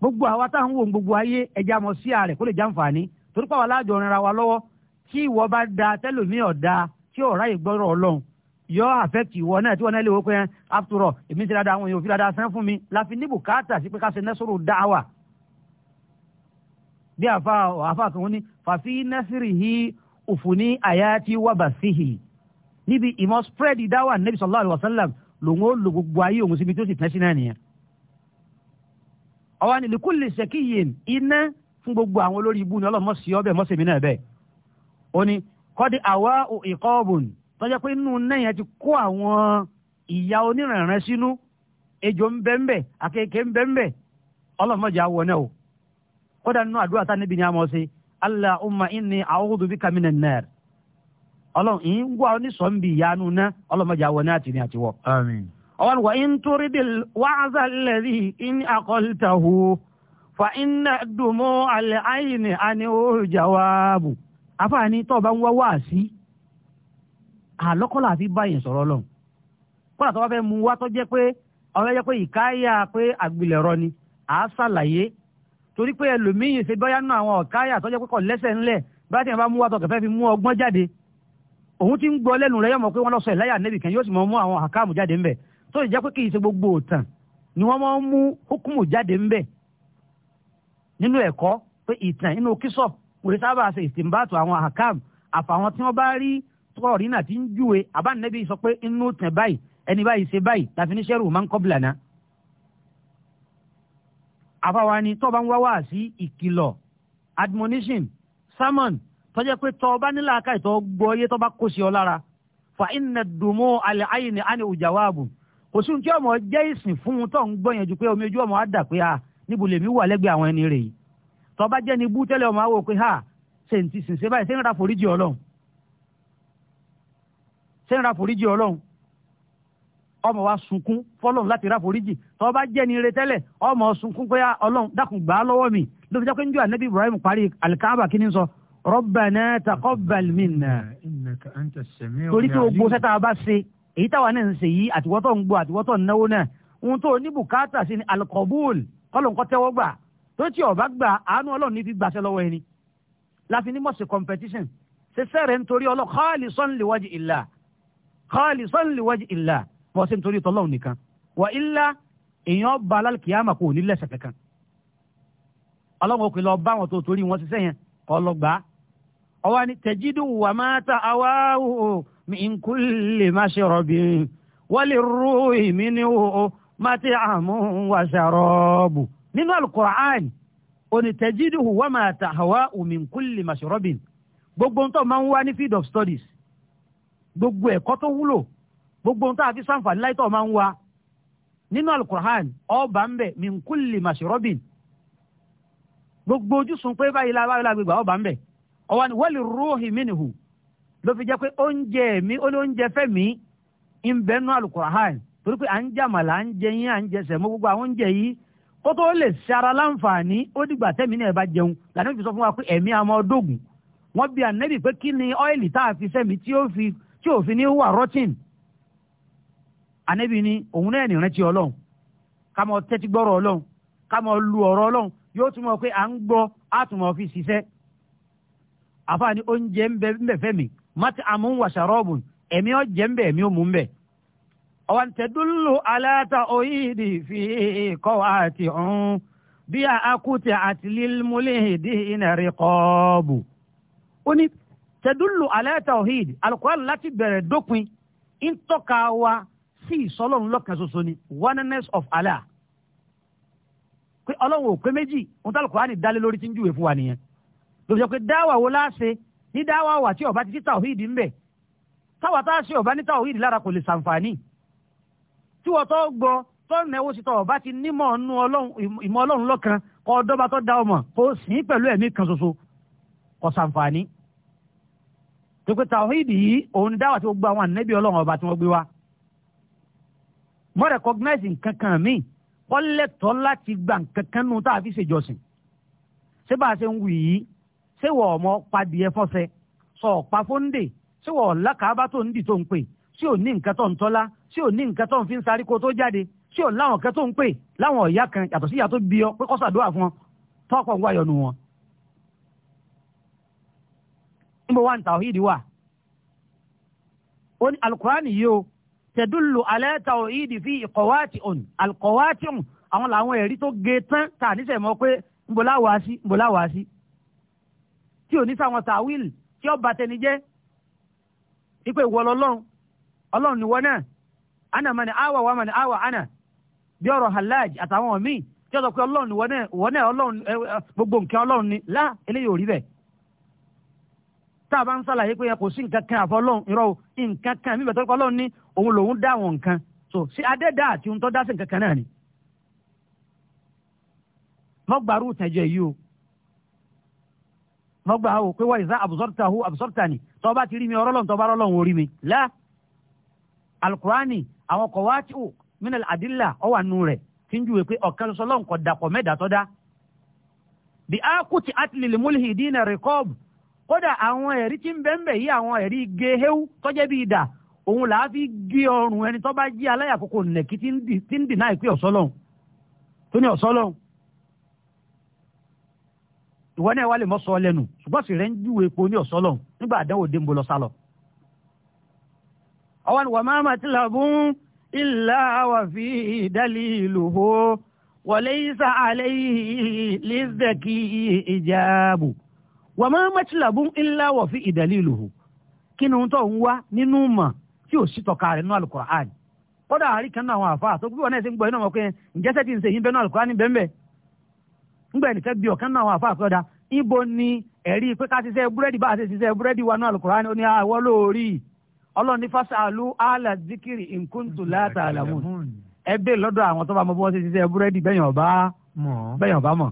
Speaker 2: gbogbo àwa táwọn wo gbogbo ayé ẹja mọ sí ààrẹ kó lè jàǹfààní torí pàwọn alájọ ìrìnra wa lọ́wọ́ tí ìwọ bá da tẹlómi ọ̀dà tí ọ̀rá ìgbọ́rọ̀ ọlọ́run yọ affect ìwọ náà tí wọn náà lè wọ pé after all èmi ti dáadáa àwọn èèyàn òfin dáadáa sán fún mi láfi ní bùkátà sí pé ká ṣe nẹ́sọ̀rọ̀ dáwà bí àfa àfa kan ní fàfi nẹ́sìrì hí òfò ní àyà tí wà bá sí hì níbi ìmọ̀ spread dáwà nẹ́bí sallallahu alaihi wasallam lòun ó lo gbogbo ayé òun síbi tó sì tẹ́sí náà nìyẹn. ọwọ́ ni likuli ṣèkìyìn iná fún gbogbo àwọn olórí ibú ni ọlọ́mọ sí ọbẹ̀ mọ́sẹ̀mí náà bẹ́ẹ̀ ó ní tọ́jà pé inú náà yẹn ti kó àwọn ìyá oníranran sínú ejò ń bẹ́ ń bẹ́ àkekèé ń bẹ́ ń bẹ́ ọlọ́mọdé náà o kódà nínú àdúrà tá níbi ni a mọ̀ sí Allahumma inni a'udhu bika minan nar ọlọ́run ìyín wà ní ọlọ́mọdé ní àtiwọ́. ọwọ́n wa in in fa tó o bá ń wá àlọ́kọ́lá àti báyìí sọ̀rọ̀ lọ kọ́lá tó bá fẹ́ mú wá tó jẹ́ pé ọ̀rẹ́ jẹ́ pé ìkáyà pé àgbìlẹ̀rọ ni à á ṣàlàyé torí pé ẹlòmíyìn ṣe báyà nù àwọn ọ̀káyà tó jẹ́ pé kọ̀ lẹ́sẹ̀ ńlẹ̀ báyà tí wọ́n bá mú wá tó kẹfẹ́ fi mú ọgbọ́n jáde òun ti ń gbọ́ lẹ́nu rẹ̀ yọ̀mọ̀ pé wọ́n lọ sọ ìláyà nẹ́bì kan yóò sì mọ̀ mú àwọn àkáàmù jáde ńbẹ̀ tó jẹ́ pé kì í ṣe gbogbo òtàn ni wọ́n máa mú hukumu jáde ńbẹ̀ nínú ẹ̀kọ́ pé ìtàn inú kísọ̀ kò sábà ṣe ìsìnbàtò àwọn àkáàmù àfàwọn tí wọ́n bá rí tọ́wọ́ rí náà ti ń júwe àbánẹ́bí sọ pé inú tẹ̀ báyìí ẹni báyìí ṣe báyìí tàfi ní sẹ́rù máa ń kọ́bìlà náà. àfàwa ni tọ́ba ń wá wá sí ìkìlọ̀ admonition sermon tọ́jẹ́ pé tọ́ba nílà aka ìtọ́ gbọ́ yé tọ́ba kó sí ọ lára fa iná dùnmọ́ alẹ́ ayé ni a ní òjà wáàbù kò sí kí ọmọ jẹ́ ìsìn fún un tó ń gbọ́ yẹn ju pé omi ojú ọmọ á dà pé a ah, níbo lèmi wà lẹ́gbẹ̀ẹ́ àwọn ẹni rèé tọ́ba jẹ́ ni bú tẹ́lẹ̀ ọmọ á wò pé ha ṣe ń ti sìn ṣe báyìí ṣe ń ra foríjì ọlọ́run sẹ́yìn ra foríjì ọlọ́run ọmọ wa sunkún fọlọ́run láti ra foríjì tó bá jẹ́ ni ire tẹ́lẹ̀ ọmọ sunkún pé ọlọ́run dákun gbà á lọ́wọ́ mi ló fi jẹ́ pé níjọ́ ànábì Ibrahim parí alikaaba kí ni sọ Rabbana taqabbal minna torí pé gbogbo sẹ́ta bá ṣe èyí táwa náà ń ṣe yìí àtiwọ́tọ̀ ń gbọ́ àtiwọ́tọ̀ ń náwó náà ohun tó ní bùkátà sí ni alikọ́bùl kọ́lọ̀ǹkọ́ tẹ́wọ́ gbà tó tí ọba gbà àánú ọlọ́run ní fi gbàṣẹ lọ́wọ́ ẹni láfi ní mọ̀sí competition ṣe sẹ́rẹ̀ nítorí ọlọ́kọ́ọ̀lì sọ́nlẹ̀wájú ìlà khalisan li wajhi illah bọ́ sí nítorí tọ́lọ́hùn nìkan wà ilá èèyàn ba alálùkìyàmà kò ní lẹ́sẹ̀ kankan ọlọ́run òkè lọ bá wọn tó torí wọn ṣiṣẹ́ yẹn kọ́ lọ gbà á ọwọ́ ni tẹ̀jídù wà máa ta àwa o min kulli mashrabin wa lirruhi minhu mat'amun wa sharabu nínú alukur'an òní tẹ̀jídù wà máa ta min kulli mashrabin gbogbo ntọ́ máa ń wá field of studies gbogbo ẹ̀kọ́ tó wúlò gbogbo ohun tá a fi sàǹfààní láìtọ́ máa ń wa nínú alukur'an ọba ń bẹ min kulli mashrabin gbogbo ojúsùn pé báyìí la báyìí la gbégbá ọba ń bẹ ọwọ́ ni wali ruhi minhu ló fi jẹ́ pé oúnjẹ mi ó ní oúnjẹ fẹ́ mi ń bẹ nínú alukur'an torí pé à ń jàmàlà à ń jẹ yín à ń jẹsẹ̀ mọ́ gbogbo àwọn oúnjẹ yìí kó tó lè ṣe ara láǹfààní ó dìgbà tẹ́mi náà bá jẹun lànà ìfi sọ fún wa pé ẹ̀mí àmọ́ ọdógùn wọ́n bí ànẹ́bì pé kí ni ọ́ìlì tá a fi tí òfin ní wà rọ́tìn ànábì ni òun náà nìrántí ọlọ́run ká mọ tẹ́tí ọlọ́run ká mọ lu ọ̀rọ̀ ọlọ́run yóò tún mọ̀ pé à ń gbọ, á fi ṣiṣẹ́ àfààní oúnjẹ ń bẹ ń fẹ́ mi mati àmú ń wàṣà ń bẹ ẹ̀mí ò ń bẹ. aláta fi àti bí àti lílmúlẹ̀ kọ́ọ̀bù. ó ní tẹ̀dúlù alẹ́ tawhid alukóran láti bẹ̀rẹ̀ dópin ń tọ́ka wa sí ìsọlọ́run lọ́kàn ṣoṣo ni oneness of Allah pé ọlọ́run ò pé méjì ohun tí alukóran dálé lórí ti ń júwèé fún wa nìyẹn lóbi sọ pé dáwà wo láṣe ní dáwà wà tí ọba ti ti tawhid ń bẹ táwa tá a ṣe ọba ní tawhid lára kò lè ṣàǹfààní tí wọ́n tó gbọ́ tó náwó sí tọ́ ọba ti nímọ̀ ìmọ̀ ọlọ́run lọ́kàn kọ́ tó pé tàwíìdì yìí òun dáwà tí gbogbo àwọn ànábì ọlọ́run ọba tí wọ́n gbé wa mọ́ recognize nǹkan kan míì kọ́lẹ́tọ́ láti gba nǹkan kan nù tá a fi ṣèjọsìn ṣé bá a ṣe ń wù yìí ṣé wọ̀ ọmọ padìyẹ fọ́sẹ̀ sọ ọ̀pá fóńdè ṣé wọ̀ ọ̀làkàbá tó ń dì tó ń pè ṣé ò ní nǹkan tó ń tọ́lá ṣé ò ní nǹkan tó ń fi ń sáré kó tó jáde ṣé ò láwọn kan tó ń pè láwọn ọ̀yá kan yàtọ̀ sí yàtọ̀ bí ọ pé kọ́sàdúrà fún ọ tọ́kọ̀ ń wáyọ̀ nù wọn níbo wà ní tàwíìdì wà ó ní alukurani yìí o tẹ̀dúlù alẹ́ tàwíìdì fi ìkọ̀wáàtì ọ̀n alukọ̀wáàtì ọ̀n àwọn làwọn ẹ̀rí tó ge tán tà níṣẹ̀ mọ́ pé níbo láwàá sí níbo láwàá sí tí ò ní sáwọn tàwíìlì tí ó bá tẹni jẹ́ ipe ìwọ lọ́lọ́run ọlọ́run ni wọ́n náà ana mani awa wa mani awa ana bí ọ̀rọ̀ halaj àtàwọn míì tí ó sọ pé ọlọ́run ni wọ́n náà ọlọ́run gbogbo nǹkan ọlọ́run ni lá eléyìí ò rí bẹ́ẹ̀ tá a bá ń sàlàyé pé kò sí nǹkan kan àfọlọ́hún irọ́ o nǹkan kan mi bẹ̀tọ́ pọ́lọ́hún ní òun lòun dá àwọn nǹkan so ṣé adẹ́dá àti ohun tó dá sí nǹkan kan náà ni. mọ́gbàrú tẹ̀jẹ̀ yìí o mọ́gbà o pé wáyé sá àbùsọ́tà hu àbùsọ́tà ni tó bá ti rí mi ọlọ́run tó bá ọlọ́run orí mi lá alukurani àwọn kọ̀ wá tí o minal adilla ọwà nù rẹ̀ tí ń júwe pé ọ̀kan sọlọ́n kọ̀ dàpọ̀ mẹ́dàá kódà àwọn ẹ̀rí tí ń bẹ́ńbẹ̀ yìí àwọn ẹ̀rí gehewu tọ́jẹ́ bí idà òun làá fi gé ọrùn ẹni tó bá jí aláyàkókò nẹ̀kí tí ń dìnnà ìpín ọ̀sọ́lọ́hún tó ní ọ̀sọ́lọ́hún ìwọ náà wà lè mọ́ sọ lẹ́nu ṣùgbọ́n sì rẹ̀ ń júwe epo ní ọ̀sọ́lọ́hún nígbà àdánwò dé lọ sálọ. ọwọ́n wà máa ma ti là fún ilà wà fi ìdálì ìlú ho wọlé isa àlẹ́ yìí lè wà má mẹ́tìlábù ńlá wọ̀ fi ìdálílùhù kí ni tó ń wá nínú mọ̀ tí ò sí tọ́ka rẹ̀ nínú alukur'an kódà àríkan náà àwọn àfa tó gbé wọn náà ṣe ń gbọ́ iná wọn pé ǹjẹ́ sẹ́tì ń ṣe yín bẹ́ẹ̀ náà alukur'an bẹ́ẹ̀ bẹ́ẹ̀ ńgbà ẹnìkan bí ọ̀kan náà àwọn àfa àkọ́dá ibo ni ẹ̀rí pé ká ṣiṣẹ́ búrẹ́dì bá ṣe ṣiṣẹ́ búrẹ́dì wa náà alukur'an ó ní àwọ̀ lórí ọlọ́ọ̀ni fásálù àlà zikiri nkúntù látàlámù ẹ bẹ́ẹ̀ lọ́dọ̀ àwọn tó bá mọ bí wọ́n ṣe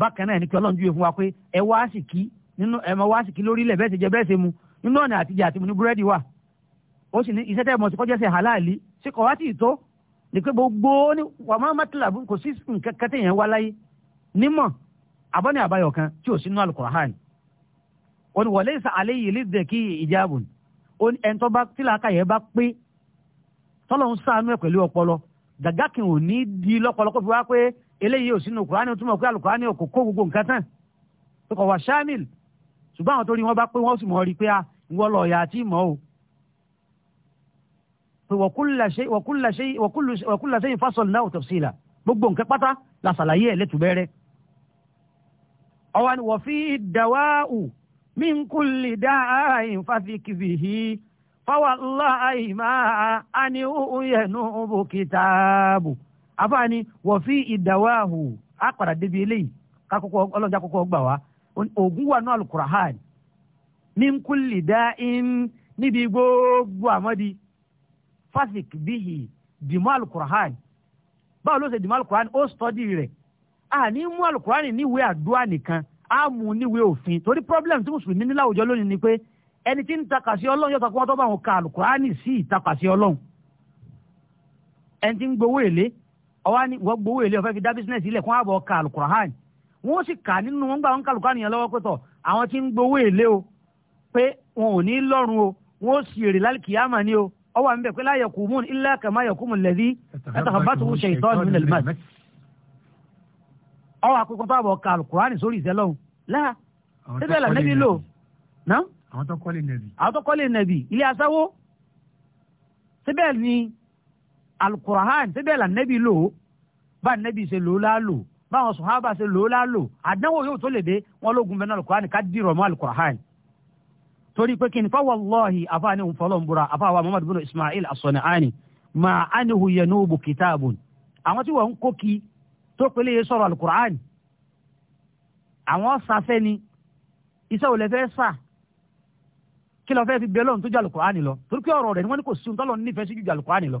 Speaker 2: bákan náà ní kí ọlọ́run júwe fún wa pé ẹ wá sì kí nínú ẹ máa wá sì kí lórílẹ̀ bẹ́ẹ̀ ṣe jẹ bẹ́ẹ̀ ṣe mu nínú ọ̀nà àtijọ́ àti mu ní búrẹ́dì wa ó sì ní iṣẹ́ tẹ́ mọ̀ sí kọjá ṣe halali ṣé kọ̀ wá sì tó ní pé gbogbo ní wà má mátìlà kò sí nǹkan kẹtẹ́ yẹn wá láyé nímọ̀ abọ́ni àbáyọ̀ kan tí ò sínú alukur'an ó ní wọlé ìsà alẹ́ yìí lédè kí ìjáàbùn eléyìí ò sínú kùránì ó túmọ̀ pé àlùkùránì ò kò kó gbogbo nǹkan tán tó kọ̀ wá shamil ṣùgbọ́n àwọn tó rí wọn bá pé wọ́n sì mọ̀ rí pé a ah, ìwọ lọ ọ̀yà àti ìmọ̀ o pé wọ́kúlà sẹ́yìn fásọ̀lì náà tafsila gbogbo nǹkan pátá la ṣàlàyé ẹ̀ lẹ́tùbẹ́rẹ́ ọwọ́ ni wọ́n fi dawa'u min kulli da'in fafikibihi fáwọn aláìmáà á ní òun yẹnu bò kìtàbù àfààní wọ́n fi ìdáwáhù á padà débi eléyìí kakoko ọlọ́jà kọ́kọ́ gbà wá ògùn wà ní alukurahan ní nkúlì dáín níbi gbogbo àmọ́di fásik bíhì dìmọ́ alukurahan báwo ló ṣe dìmọ́ alukurahan ó sọ́dí rẹ̀ a ní mú alukurahan níwèé àdúrà nìkan a mú níwèé òfin torí problem tí mùsùlùmí ní láwùjọ lónìí ni pé ẹni tí ń takàsí ọlọ́run yóò sọ pé wọ́n tó bá wọn ka alukurahan sí ìtakàsí ọlọ́run ẹni tí ń gbowó èlé ọwọ́ ni wọ́n gbowó ilé ọ̀fẹ́ fi dá bísínẹ́sì ilẹ̀ kún àbọ̀ ka alukurahan wọ́n sì kà nínú wọn gbà wọn ka alukurahan yẹn lọ́wọ́ pẹ̀tọ̀ àwọn tí ń gbowó ilé o pé wọn ò ní lọ́rùn o wọ́n sì èrè lálùkìyàmà ni o ọwọ́ àmì bẹ̀ pé láyẹ̀ kù mún ilé kàmá yẹ̀ kù mún lẹ́bí ẹ̀tàkàbàtúwù ṣe ìtọ́jú nílẹ̀ tó kọ́lé nẹ́bí. ilé asáwó síbẹ̀ ni alukurahan síbẹ̀ là nẹ́bí lò ó bá nẹ́bí ṣe lò ó lálò báwọn sọ̀hábà ṣe lò ó lálò àdánwò yóò tó lè dé wọn lógun bẹ́ẹ̀ náà alukurahan ká dìrọ̀ mọ́ alukurahan torí pé kí ni fa wallahi afaani nfọlọ́ nbura afaawa muhammadu bin ismail as-San'ani ma anihu yanubu kitabun àwọn tí wọ́n ń kó kí tó pélé yẹ sọ̀rọ̀ alukur'an àwọn safẹ́ ni iṣẹ́ ò lè fẹ́ sà kí lọ́ọ́ fẹ́ fi bẹ́ẹ̀ lọ́n tó ju alukur'an lọ torí pé ọ̀rọ̀ rẹ̀ ni wọ́n ní kò sí ohun tó nífẹ̀ẹ́ sí ju alukur'an lọ.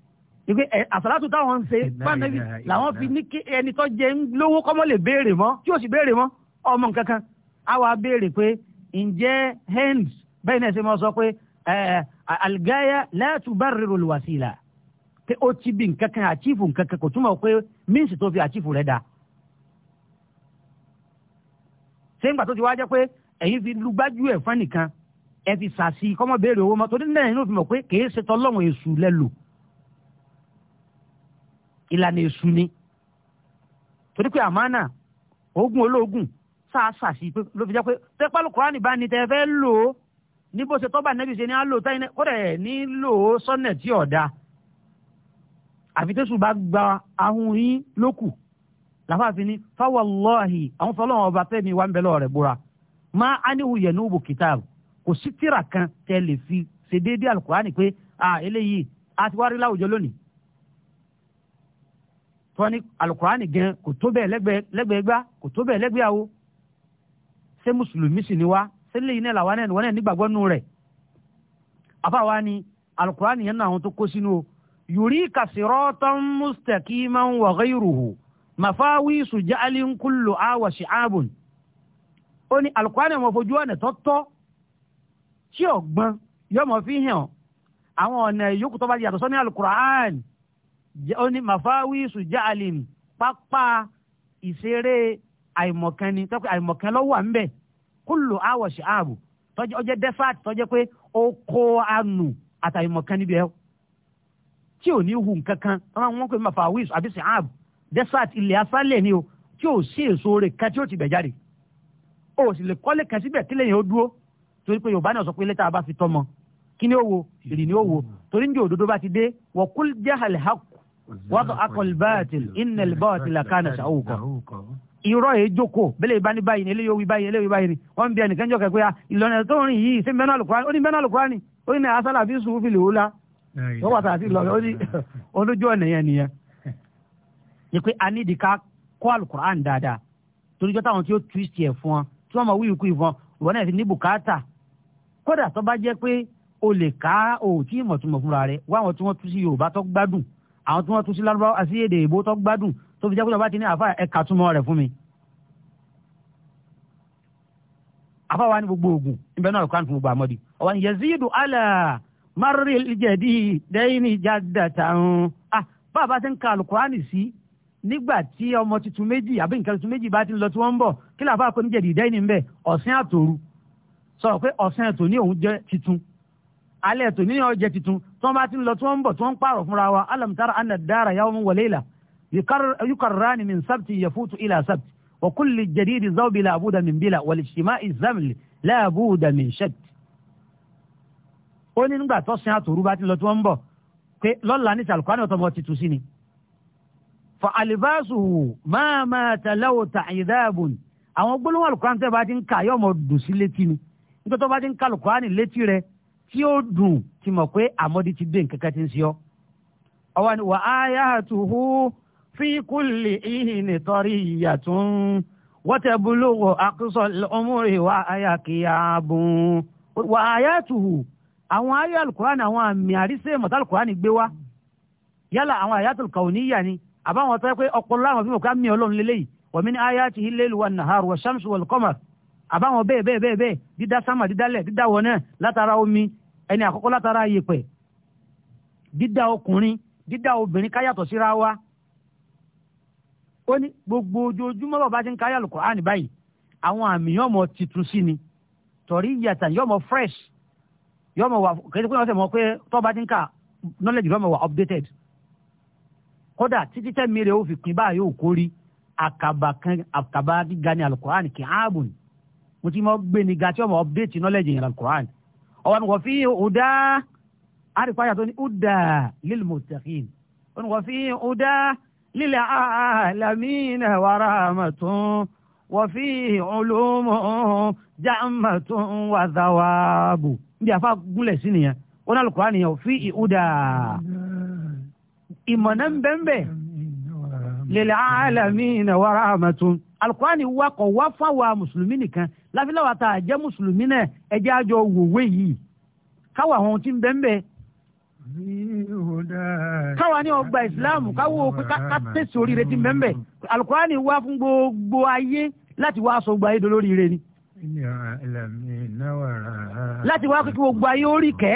Speaker 2: ìgbé àsàlátù táwọn ń ṣe bánẹ́bí làwọn fi ní kí ẹni tó jẹ lówó kọ́mọ́ lè béèrè mọ́ tí ó sì béèrè mọ́ ọmọ nǹkan kan á wàá béèrè pé ǹjẹ́ hens bẹ́ẹ̀ náà ṣe máa sọ pé àlgáyà látùbárẹ̀rọ̀ lùwàsílà pé ó ti bí nǹkan kan àchífù nǹkan kan kò túmọ̀ pé míǹsì tó fi àchífù rẹ̀ dá. ṣé ń gbà tó ti wá jẹ́ pé ẹ̀yin fi lùgbájú ẹ̀ fún nìkan ẹ fi sàṣì kọ́mọ́ béèrè owó mọ́ torí náà ìlànà èṣù ni torí pé àmánà ogun ológun sáàsà sí i ló fi jẹ́ pé tẹ́pálù kọ́ránì bá ní tẹ́ fẹ́ lò ó ní bó ṣe tọ́ba nẹ́bí ṣe ní á lò ó táyìn kó dẹ̀ ní lò ó sọ́nà tí ọ̀dà àfi tẹ́sù bá gba ahun yín lókù làfáàfin ní fáwọlọ́ọ̀hì àwọn fọlọ́wọ́n ọba fẹ́mi wà ń bẹ lọ́ọ̀rẹ́ búra má áníhù yẹn ní òbò kò sí tírà kan tẹ́ lè fi ṣe déédéé àlùkùránì wọ́n ní alukurani gan kò tó bẹ́ẹ̀ lẹ́gbẹ̀ẹ́ gbá kò tó bẹ́ẹ̀ lẹ́gbẹ̀ẹ́ àwo ṣé mùsùlùmí sì ni wá ṣé lẹ́yìn náà làwọn náà wọ́n náà nígbàgbọ́ nù rẹ̀ àfàwa ni alukurani yẹn náà àwọn tó kó sínú o yurika siratan mustaqiman wa ghayruhu mafawisu ja'alin kullu awa shi'abun ó ní alukurani wọn fojú ọ̀nà tọ́tọ́ tí ọ̀gbọ́n yọmọ fi hàn àwọn ọ̀nà yòókù tó bá yàtọ̀ sọ́ni alukurani ó ní màfáwísù jáàlìn pápá ìṣeré àìmọ̀kan ni tọ́pẹ́ àìmọ̀kan lọ́wọ́ à ń bẹ̀ kúlò àwọ̀ṣe ààbò tọ́jú ọjọ́ desert tọ́jú pé ó kó àánú àtàìmọ̀kan níbi ẹ̀ tí ò ní hu nǹkan kan wọ́n pè màfáwísù àbí sàn ààbò desert ilẹ̀ asálẹ̀ ni o tí ò sí èso rẹ̀ kan tí ó ti bẹ̀ jáde o sì lè kọ́lé kan síbẹ̀ kílẹ̀ yẹn ó dúró torí pé yorùbá náà sọ pé lẹ́tà bá fi tọmọ kí ni ó wo ìrì ni ó wo torí ń jẹ́ òdodo bá ti dé wọ́n kú jẹ́ àlẹ́ hàkù wọ́tọ̀ akọlbáàtìl innal báàtìlà kánà sàwùkọ. irọ́ yìí jókòó bẹ́lẹ̀ ìbá ní báyìí ní eléyìí wí báyìí eléyìí wí báyìí wọ́n ń bí ẹnìkan jọ kẹ́kọ́ ya ìlànà tó ń rìn yìí sí mẹ́nà alukurani ó ní mẹ́nà alukurani ó ní asálà fi sùn fìlè wúlá wọ́n wàtà àti ìlọ́rẹ̀ ó ní olójú ọ̀nà yẹn nìyẹn. ni pé a ní ìdíkà kọ́ alukurani dáadáa torí jọ́ta àwọn tí ó twist yẹ fún ọ tí wọ́n mọ wíwí kú ìfọn ìwọ náà ti ní bùkátà kódà tó bá jẹ́ pé o lè ká òòtí ìmọ̀túnmọ̀ fúnra rẹ̀ wá àwọn tí wọ́n tú Yorùbá tó gbádùn àwọn tí wọ́n tún sí lárúbáwá àti èdè ìbò tó gbádùn tó fi jẹ́ kó tó bá ti ní àfa ẹ̀ka túmọ̀ rẹ̀ fún mi. àfa wa ní gbogbo oògùn níbẹ̀ náà kàn fún gbogbo àmọ́dì ọ̀wá yazidu ala marri ìjẹ̀dí dẹ́yìn ìjàdàtà ń. bá a bá ti ń ka alukurani sí nígbà tí ọmọ tuntun méjì àbí nǹkan tuntun méjì bá ti ń lọ tí wọ́n ń bọ̀ kí làbá àpò níjẹ̀dì ìdẹ́yìn ní bẹ̀ ọ̀sìn àtòru sọ pé ọ̀sìn ẹ̀tò ní òun jẹ́ titun alẹ́ ẹ̀tò ní òun jẹ́ titun tí wọ́n bá ti ń lọ tí wọ́n ń bọ̀ tí wọ́n ń pààrọ̀ fúnra wa alam tara anna dara yawmun wa layla yukarrani min sabti yafutu ila sabti wa kulli jadidi zawbi la abuda min bila wal ijtima'i zamli la abuda min shatt. ó ní nígbà tó sin àtòrú bá ti lọ tí wọ́n ń bọ̀ pé lọ́la ní sàlùkánì ọ̀tọ̀ mọ́ ti tu sí ni. fa alibasuhu máa máa tẹ̀lẹ́wò tàyídáàbùn àwọn gbólóhùn àlùkánì tẹ́ bá ti ń kà yọ̀ dùn sí létí ni nítorí tó bá ti ń kà àlùkánì létí rẹ̀ tí ó dùn ti mọ̀ pé àmọ́dí ti dé nǹkan kan ti ń ṣe ọ́ ọwọ́ ni wà á yá àtúhú fi kúlì ìhìn nítorí ìyàtún wọ́tẹ̀bùlówó àkúsọ ọmúre wà áyà kìyàbùn wà áyà àtúhù àwọn ayé alukurani àwọn àmì àrísé mọ̀tà alukurani gbé wá yálà àwọn àyàtò kàwéníyà ni àbáwọn tó yẹ pé ọpọlọ àwọn fíìmù ká mi ọlọ́run lélẹ́yìí wọ́n mi ní ayáàtì ilé wa nàhàrù wa ṣàmùsù wal qamar àbáwọn bẹ́ẹ̀ bẹ́ẹ̀ bẹ́ẹ̀ bẹ́ẹ̀ dídá sámà dídá lẹ̀ dídá wọnẹ́ látara omi ẹni àkọ́kọ́ látara yèpẹ̀ dídá ọkùnrin dídá obìnrin káyàtọ̀ síra wa ó ní gbogbo ojoojúmọ́ bàbá ti ń káyà Al-Kùránì báyìí àwọn àmì yọmọ titun sí ni torí yàtà mọ fresh yọmọ wà kẹ́tẹ́ pé wọ́n sẹ̀ mọ́ pé tọ́ba ti ń kà knowledge wà updated kódà títí tẹ́mi rẹ̀ ó fi pin báyìí kórí àkàbà kan ọ̀wọ́n wọ́n fi ọ̀dà àrífáyà tó ní ọ̀dà lílù mọ̀tàkìn ọ̀n wọ́n fi ọ̀dà lílù àlàmínà wàrà àmàtún wọ́n fi ọlọ́mọ jàmàtún wàdàwàbù níbi àfa gúnlẹ̀ sí nìyẹn wọn náà lùkọ́ àníyàn fi ọ̀dà ìmọ̀nà ń bẹ́ẹ̀ lílù àlàmínà wàrà àmàtún alukọ́ni wakọ̀ wá fáwọn mùsùlùmí nìkan láfíláwà tá a jẹ́ mùsùlùmí náà ẹ jẹ́ àjọ wòwe yìí káwọn àwọn ohun tí ń bẹ́ẹ̀
Speaker 1: bẹ́ẹ̀ káwa
Speaker 2: ní ọgbà ìsìláàmù káwọ òpin ká tẹ̀sí oríire ti mẹ́mbẹ̀ alukurani wá fún gbogbo ayé láti wá aṣọ gbogbo ayé dolórí ire ni. láti wá kí gbogbo ayé ó rí kẹ́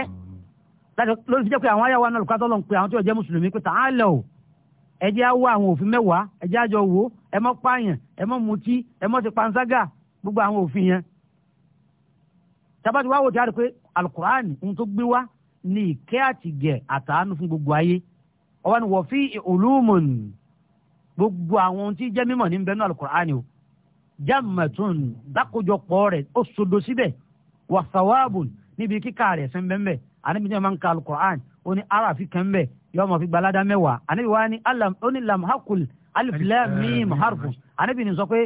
Speaker 2: lórí fi jẹ́ pé àwọn ayáwa náà lùkọ́ tọ́lọ̀ ń pe àwọn tí wọ́n jẹ́ mùsùlùmí pé tàn án lẹ̀ o ẹ jẹ́ á àwọn òfin mẹ́wàá ẹ jẹ́ á jọ ẹ má pààyàn ẹ má mutí ẹ má ti panṣágà gbogbo àwọn òfin yẹn tabati wa wo ti a rí pé alukur'ani ohun tó gbé wá ní ìkẹ́ àtìgẹ̀ àtàánú fún gbogbo ayé ọwọ́ ni wọ́n fi ulumun gbogbo àwọn ohun tí jẹ́ mímọ̀ ní bẹ́ẹ̀ ní alukur'ani o jammatun dákójọpọ̀ rẹ̀ ó sodo síbẹ̀ wà sawabun níbi kíkà rẹ̀ sẹ́n bẹ́ẹ̀ bẹ́ẹ̀ anabi ní ọmọ nǹkan alukur'ani ó ní arafi kan bẹ́ẹ̀ yóò mọ̀ fi gbalada mẹ́wàá anabi wa ni alam ó ní lam hakul alif lam mim harfun anabi ní sọ pé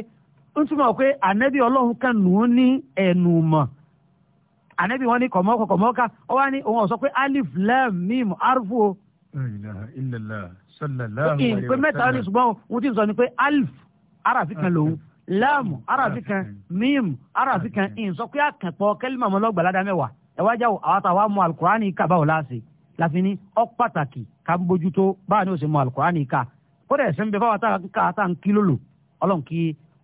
Speaker 2: ń túmọ̀ pé ànẹ́bí ọlọ́run kan nù ú ní ẹ̀nù mọ̀ ànẹ́bí wọn ní kọ̀mọ́kọ̀ kọ̀mọ́ká ó wá ní òun ọ̀sọ́ pé alif lam mim arfu o.
Speaker 1: pé mẹ́ta ni ṣùgbọ́n
Speaker 2: òun ti sọ ni pé alif arafi kan lòun lam arafi kan mim arafi kan ìyìn sọ pé àkànpọ̀ kẹ́límà ọmọlọ́gbàládá mẹ́wàá ẹ wá jáwọ́ àwọn àtàwọn amú alukurani kaba ọ̀ láàṣẹ láfi ní ọ́ pàtàkì ká ń bójútó báà ní òsè mú alukurani ká kódà ẹ̀sìn bẹ́ẹ̀ fáwọn àtàwọn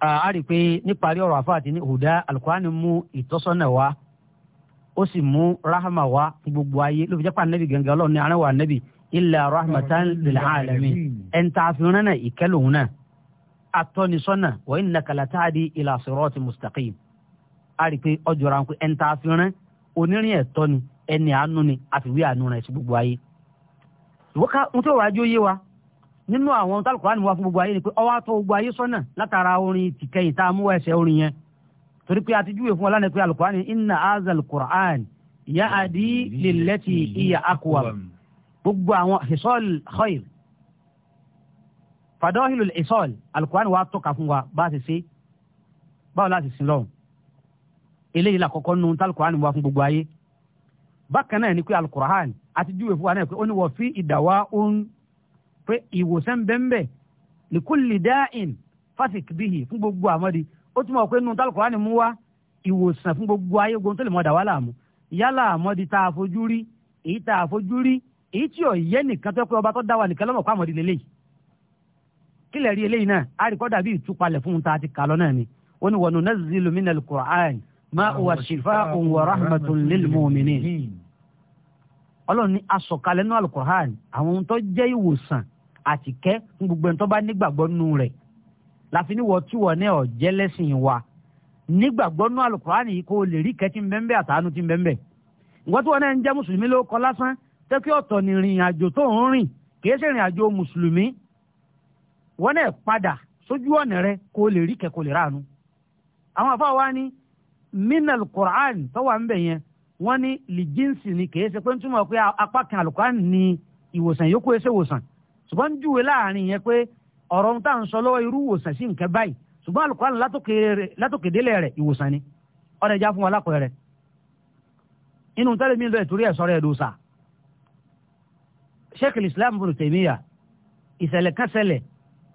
Speaker 2: a rí i pé níparí ọ̀rọ̀ àfa àti ní huda alukurani mú ìtọ́sọ́nà wá ó sì mú rahama wá gbogbo ayé ló fi jẹ́ pa anabi gẹ́gẹ́ ọlọ́run ní arẹ́wà anabi illa rahmatan lil alamin ẹ̀ ń ta àfihàn náà ìkẹ́ lòun náà atọ́nisọ́nà wa innaka latahdi ila sirati mustaqim a rí i pé ọjọ́ ra ń pé ẹ̀ ń ta àfihàn onírìn ẹ̀tọ́ ni ẹni àánú ni àfiwé àánú rẹ̀ sí gbogbo ayé. ìwọ́ká nínú àwọn tálùkùránì wá fún gbogbo ayé ni pé ọwọ́ àtọ́ gbogbo ayé sọ́nà látara orin tìkẹyìn tá a mú ẹsẹ̀ orin yẹn torí pé a ti júwe fún ọ lánàá pé alukùránì inna azal qur'an ya adi lilẹ́tì iya akuwa gbogbo àwọn hisol khoil fadọ́hìlù hisol alukùránì wá tọ́ka fún wa bá a ti ṣe báwo láti sin lọ́wọ́ eléyìí làkọ́kọ́ nù tálùkùránì wá fún gbogbo ayé bákan náà ni pé alukùránì a ti júwe fún wa náà pé ó ní wọ́n pé ìwòsàn bẹ́ńbẹ́ likulli da'in fasik bihi fún gbogbo àmọ́di ó túmọ̀ pé nínú tálùkọ́ ni mú wá ìwòsàn fún gbogbo ayé gbogbo tó lè mọ̀ dà wá láàmú yálà àmọ́di tá a fojú rí èyí tá a fojú rí èyí tí ò yẹ nìkan tó pé ọba tó dá nìkan lọ́mọ̀ kó àmọ́di lélẹ́yìí kílẹ̀ rí eléyìí náà a rí kọ́ dàbí ìtúpalẹ̀ fún un tá a ti kà lọ náà ni ó ní wa nunazzilu minal Qur'an ma huwa shifa'un wa rahmatun mu'minin ọlọ́run ní asọ̀kalẹ̀ nínú alukur'an àwọn ohun tó jẹ́ ìwòsàn àtìkẹ́ fún gbogbo ẹni tó bá nígbàgbọ́ nù rẹ̀ láfi ní wọ́n tí wọ́n ní ọ̀jẹ́ lẹ́sìn wa nígbàgbọ́ nù alukur'an yìí kó o lè rí kẹ́tí mbẹ́mbẹ́ àtàánú ti mbẹ́mbẹ́ nǹkan tí wọ́n náà ń jẹ́ mùsùlùmí ló kọ lásán tẹ́kí ọ̀tọ̀ ní ìrìn àjò tó ń rìn kìí ṣe ìrìn àjò mùsùlùmí wọ́n náà padà sójú ọ̀nà rẹ kó lè rí kẹ́kọ̀ọ́ lè ránu àwọn àfáà wa ní minal qur'an tó wà ń bẹ̀ yẹn wọ́n ní lìjíǹsì ni kì í ṣe pé ń túmọ̀ pé apá kan àlùkò ní ìwòsàn yòókù ẹsẹ̀ wòsàn ṣùgbọ́n ń júwe láàrin yẹn pé ọ̀rọ̀ ń ń sọ lọ́wọ́ irú wòsàn sí nǹkan báyìí ṣùgbọ́n àlùkò àná látòkèdélé rẹ̀ ìwòsàn ni ọ̀rẹ́ ìjà fún wa lápẹ̀ rẹ̀ inú tẹ́lẹ̀ mi lọ́ọ̀ torí ẹ̀ sọ́rọ̀ ẹ̀ lóṣà sheikh islam bin tèmíyà ìṣẹ̀lẹ̀ kan ṣẹlẹ̀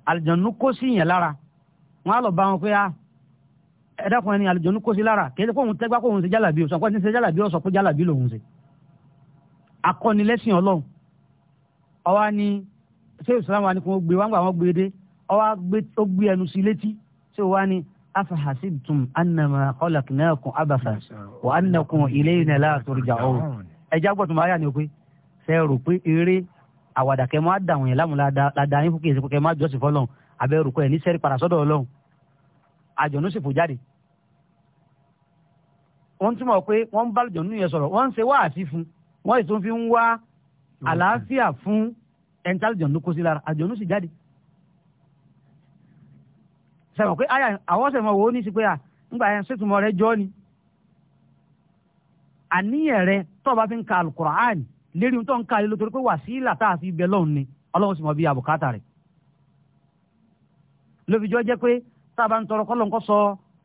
Speaker 2: àlùjànnú kó síyàn lára wọn á lọ bá wọn pé ah ẹ̀dá kan ẹni àlùjọ ní kó sí lára kí ẹ kóhun tẹ́gbá kóhun ṣe jálàbí o sọ̀kọ́ ti ṣe jálàbí o sọ̀kọ́ jálàbí lòun ṣe. akọ́nilẹ́sìn ọlọ́run ọwá ni ṣé ìsìlámù àníkùn ó gbé wáńgbà wọn gbé dé ọwá ó gbé ẹnu sí létí ṣé ó wá ní afahasibtum annama khalaqnakum abatha wa annakum ilayna la turja'un ẹjá gbọ́dọ̀ máa yà ní o pé ṣe rò pé eré àwàdà kẹ́ máa dà wọ̀nyẹn lámùlá àjọ̀nú sì fò jáde wọ́n túmọ̀ pé wọ́n bá àjọ̀nú yẹn wọ́n ń ṣe fún wọ́n sì fi ń wá àlàáfíà fún ẹni kó sí lára àjọ̀nú sì jáde sẹ́wọ̀n pé àyà àwọn sẹ́wọ̀n wo ní sí pé à ńgbà yẹn ni àníyàn rẹ tó o bá fi ń ka lérí tó ń ka lé lótorí pé tá a fi bẹ tábà ń tọrọ kọ́lọ̀ ńkọ́ sọ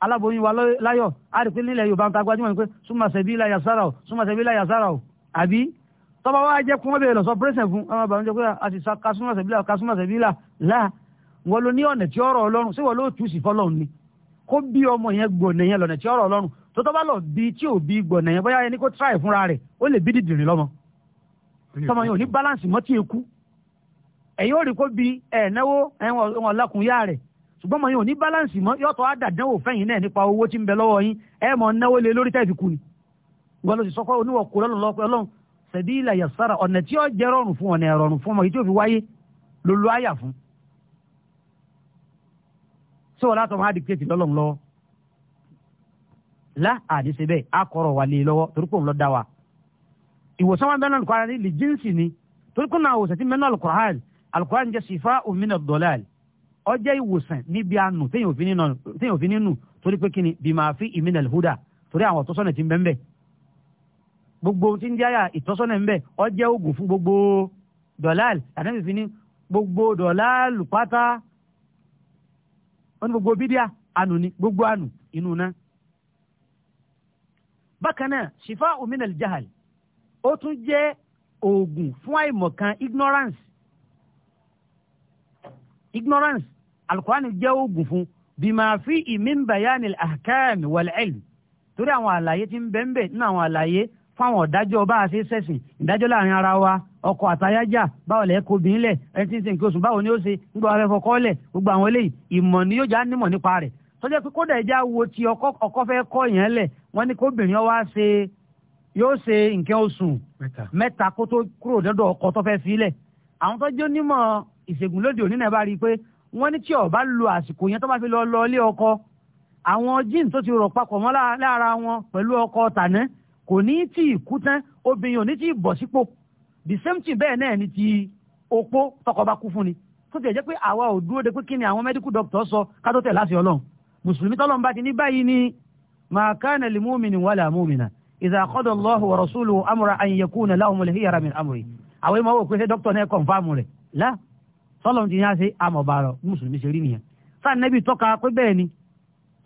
Speaker 2: aláboyún wa láyọ̀ á rí pé nílẹ̀ yorùbá ń ta gbajúmọ̀ pé súnmọ̀ sẹ́bí láyà sára o súnmọ̀ sẹ́bí láyà sára o àbí tọ́ba wa jẹ́ kún ọ́bẹ̀ lọ sọ pírẹ́sẹ̀ fún ọmọ bàbá jẹ́ pé a sì sa kásúmọ̀ sẹ́bí láà kásúmọ̀ sẹ́bí láà láà wọ́n ló ní ọ̀nà tí ọ̀rọ̀ ọlọ́run sí ló tù sí fọlọ́run ni kó bí ọmọ yẹn gbọ̀nà yẹn lọ́nà tí ọ̀rọ̀ ọlọ́run tó tọ́ lọ bí tí ò bí gbọ̀nà yẹn bóyá ẹni kó tíráì fúnra rẹ̀ ó lè bí dìdìrín lọ́mọ tọmọ yẹn ní balance mọ́ tí eku ẹ̀yin ò rí kó bí ẹ̀ náwó ẹ̀wọ̀n ọ̀làkùnyá rẹ̀ ṣùgbọ́n mọ̀ yín ò ní balance mọ́ yọ̀tọ̀ àdàdánwò fẹ́yìn náà nípa owó tí ń bẹ lọ́wọ́ yín ẹ mọ̀ náwó lé lórí tẹ́ẹ̀fì kù ni. wọn lọ sí sọ pé oníwọ̀ kó lọ́nà lọ́pẹ́ ọlọ́run ṣẹ̀bí ilà yẹ̀sára ọ̀nà tí ó jẹ́ rọrùn fún ọ̀nà ẹ̀rọ̀rùn fún ọmọ yìí tí ò fi wáyé ló lo àyà fún. ṣé wọn látọ̀ máa dìkẹ́tì lọ́lọ́run lọ́wọ́ lá àdìsẹ́ bẹ́ẹ̀ á wà lé e lọ́wọ́ ni torí pé náà ti mẹ́nu alukọ̀hán alukọ̀hán jẹ́ sìfá òmìnira ó jẹ́ ìwòsàn níbi àánú téèyàn òfin nínú torí pé kíni bí máa fi ìmínà lùhúdà torí àwọn ìtọ́sọ́nà ti ń bẹ ń bẹ gbogbo ohun tí ń jáyà ìtọ́sọ́nà ń bẹ ó jẹ́ oògùn fún gbogbo dọ̀láàl àdánù fi ní gbogbo dọ̀láàl pátá ó gbogbo bídíà àánú ni gbogbo àánú inú náà bákan náà shifa ominal jahal ó tún jẹ́ oògùn fún àìmọ̀kan ignorance ignorance alukurani jẹ́ oògùn fún bima fihi min bayanil ahkam wal ilm torí àwọn àlàyé tí ń bẹ́ńbẹ́ nínú àwọn àlàyé fáwọn ọ̀dájọ́ bá a ṣe sẹ̀sìn ìdájọ́ láàrin ara wa ọkọ àtayájà báwo lẹ kó obìnrin lẹ ẹni tí ń sin nǹkan oṣù báwo ni ó ṣe ń gbọ́ afẹ́fọ́ kọ́ lẹ̀ gbogbo àwọn eléyìí ìmọ̀ ni yóò já nímọ̀ nípa rẹ̀ tọ́jà pé kódà ẹja wo ti ọkọ fẹ́ kọ́ yẹn lẹ̀ wọ́n ní kóbìnrin wá ṣe yóò ṣe nǹkan oṣù mẹ́ta kó tó kúrò dọ́dọ̀ ọkọ tó fẹ́ fi lẹ̀ àwọn tọ́jú onímọ̀ ìṣègùn lóde òní náà bá rí i pé wọ́n ní tí ó bá lo àsìkò yẹn tó bá fi lọ lọ ilé ọkọ àwọn jíìn tó ti rọ̀ papọ̀ mọ́ lára wọn pẹ̀lú ọkọ tàná kò ní tí ì kú tán obìnrin ò ní tí ì bọ̀ sípò the same thing bẹ́ẹ̀ náà ni ti opó tọkọ bá kú fún ni tó tiẹ̀ jẹ́ pé àwa ò dúró de pé kí ni àwọn medical doctor sọ ká tẹ̀ láti ọlọ́run mùsùlùmí tọ́lọ́run bá ti ní báyìí ni ma kana lil mu'mini wala mu'mina idha qada Allahu wa rasuluhu amra an yakuna lahumul khiyara min amri àwọn ìmọ̀ wò pé ṣé dókítà náà kọ̀ǹfàmù rẹ̀ láà sọlọ́n ti yá ṣe amọ̀bà rọ̀ mùsùlùmí ṣe rí nìyẹn sáà nẹ́bí tọ́ka pé bẹ́ẹ̀ ni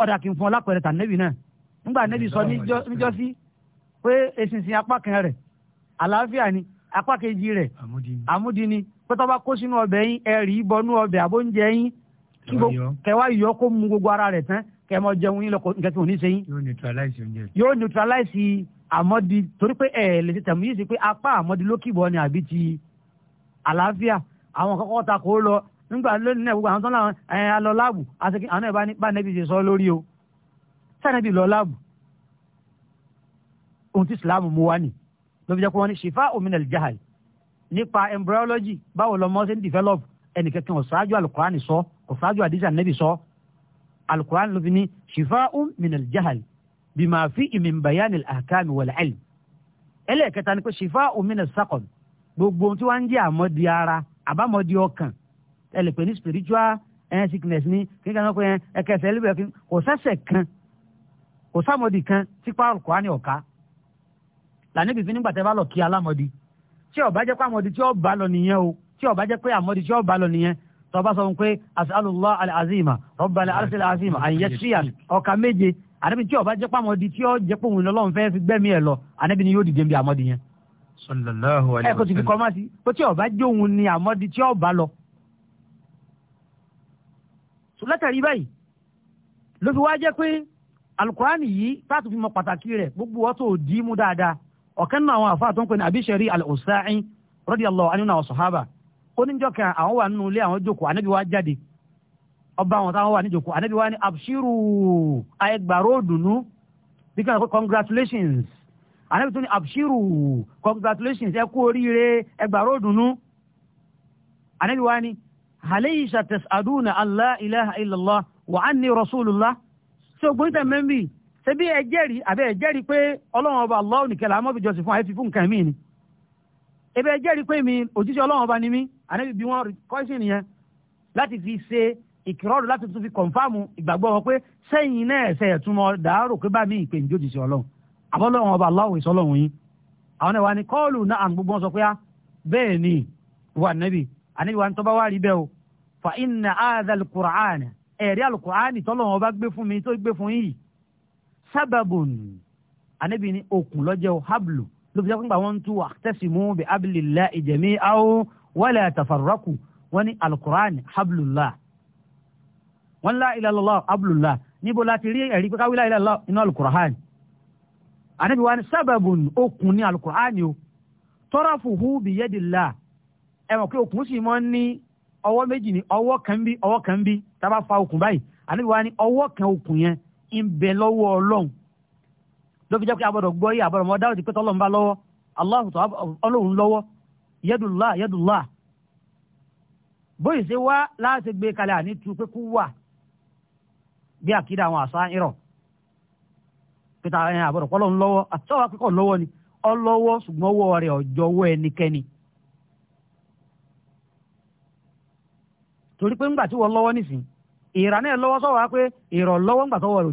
Speaker 2: ọ̀dà kì í fún ọ lápẹ̀rẹ̀ tà nẹ́bí náà nígbà nẹ́bí sọ níjọ́sí pé eṣinṣin apá kan rẹ̀ àlàáfíà ni apá kejì rẹ̀ àmúdini pé tọ́ bá kó sínú ọbẹ̀ yín ẹ rí bọnú ọbẹ̀ àbóúnjẹ yín kẹwàá yọ kó mu gbogbo ara rẹ̀ tán kẹ jẹun yín lọkọ nǹkan tí ò ní ṣe yín.
Speaker 1: yóò neutralize oúnjẹ.
Speaker 2: neutralize àmọ́di torí pé ẹ lè ṣe tẹ̀mú yìí sí pé apá àmọ́di ló ni àbí ti àlàáfíà àwọn kọ́kọ́ ta kó lọ nígbà lónìí náà gbogbo àwọn tó ń lọ ẹ̀ alọ láàbù àti àwọn náà bá nẹ́bí ṣe sọ lórí o sẹ́nẹ́bí lọ láàbù ohun tí islam mú wá ní ló fi jẹ́ pé wọ́n ní ṣìfà òmìnira ìjáhàl nípa embryology báwo lọ́mọ ṣe ń develop ẹnìkẹ́kẹ́ ọ̀ṣáájú alukurani sọ ọ̀ṣáájú àdìsá nẹ́bí sọ alukurani ló fi ní ṣìfà òmìnira ìjáhàl bí màá fi ìmìnbàyàn àkàmì wal ẹlẹ́ẹ̀kẹta ni pé ṣìfà òmìnira saqam gbogbo ohun tí wọ́n ń jẹ́ àmọ́ di ara àbámọ̀dì ọkàn ẹ lè pè ní spiritual ẹn sickness ní kíkẹ́ náà pé ẹn ẹkẹsẹ̀ ẹlẹ́bẹ̀ kí kò sẹ́sẹ̀ kan kò sámọ̀dì kan tí pààrọ̀ kọ́ á ní ọ̀ka lànàbì fi nígbà tẹ́ bá lọ kí alámọ̀dì tí ó bá jẹ́ pé àmọ̀dì tí ó bá lọ nìyẹn o tí ó bá pé àmọ̀dì tí ó bá lọ nìyẹn tó bá sọ fún pé as'alullah al-azima rabbal arsil azima àyẹ̀síyà ọ̀ka méje ànábì tí ó bá jẹ́ pé àmọ̀dì tí ó jẹ́ pé òun lọ́lọ́run fẹ́ fi gbẹ́mí ẹ̀ lọ ànábì ni yóò dìde bí àmọ̀dì yẹn
Speaker 1: sallallahu alaihi wasallam. ẹ kò sì fi kọ́má
Speaker 2: sí pé tí ọba jóun ni àmọ́dí tí ọba lọ. sọ látàrí báyìí ló fi wá jẹ́ pé alukurani yìí táàtù fi mọ pàtàkì rẹ̀ gbogbo ọ̀tọ̀ òdì mú dáadáa ọ̀kan náà àwọn àfa àtọ́nkùn ní abishari al-usai radiyallahu anhu àwọn sọ̀hábà oníjọ́ kan àwọn wà nínú ilé àwọn jókòó ànábi wá jáde ọba àwọn táwọn wà ní jókòó ànábi wá ní abshiru ayẹgbàró òdùnnú bí kí wọn kọ congratulations anabi tún ní abshiru congratulations ẹ kú oríire ẹgbàá ròdùnú anabi wa ni alaysa tas'aduna allah ilaha illallah wa anni rasulullah ṣé o gbóyìntà mẹ́mbì ṣebí ẹ jẹ́rìí àbẹ́ ẹ jẹ́rìí pé ọlọ́run ọba allah nìkẹ́lá amọ́bi jọ́sìn fún àyè fífún nǹkan mí ni ebe ẹ jẹ́rìí pé mi òjíṣẹ́ ọlọ́run ọba ni mí anabi bí wọ́n kọ́ṣìn yẹn láti fi ṣe àbọ́lọ́wọ́n ọba aláwọ̀ ìsọlọ́wọ́n yín àwọn ẹ̀wà ni kọ́ọ̀lù náà àmì gbogbo sọ pé á ah, bẹ́ẹ̀ ni wà nẹ́bì àníbi wa ni tọ́ba wá rí bẹ́ẹ̀ o fa inna aadal qur'an ẹ̀rí alukur'an tọ́lọ́wọ́n ọba gbé fún mi tó gbé fún yìí sábàbùn àníbi ni okùn lọ́jẹ́ o hablu ló fi sẹ́kùn gbà wọ́n tú àtẹ́sìmú bi ablillahi jami'aw wala tafarraqu wọ́n ní alukur'an wọ́n lá ilaha illallah hablullah níbo anabi wa ni sábàbùn okùn ní alukur'ani o tarafuhu biyadillah ẹ mọ̀ pé okun si mo ní ọwọ́ méjì ní ọwọ́ kan kan bí tábà fa okun bayi anabi wa ni owo kan okun yẹn in be lowo olohun lo fi je pé abọ́dọ̀ gbọ́ yé abọ́dọ̀ mọ́ dáwọ́ ti pé tọ́lọ́run bá lọ́wọ́ Allahu tó yadullah pété ẹ àbọ̀dọ̀ pọ́ lọ́wọ́ lọ́wọ́ àtọ́wọ́ akẹ́kọ̀ọ́ lọ́wọ́ ni ọlọ́wọ́ ṣùgbọ́n ọwọ́ rẹ̀ ọjọ́ ọwọ́ ẹnikẹ́ni. torí pé ńgbà tí wọ́n lọ́wọ́ nísìn ìrà náà lọ́wọ́ sọ̀rọ̀ wá pé ńgbà tọ́wọ́ rẹ̀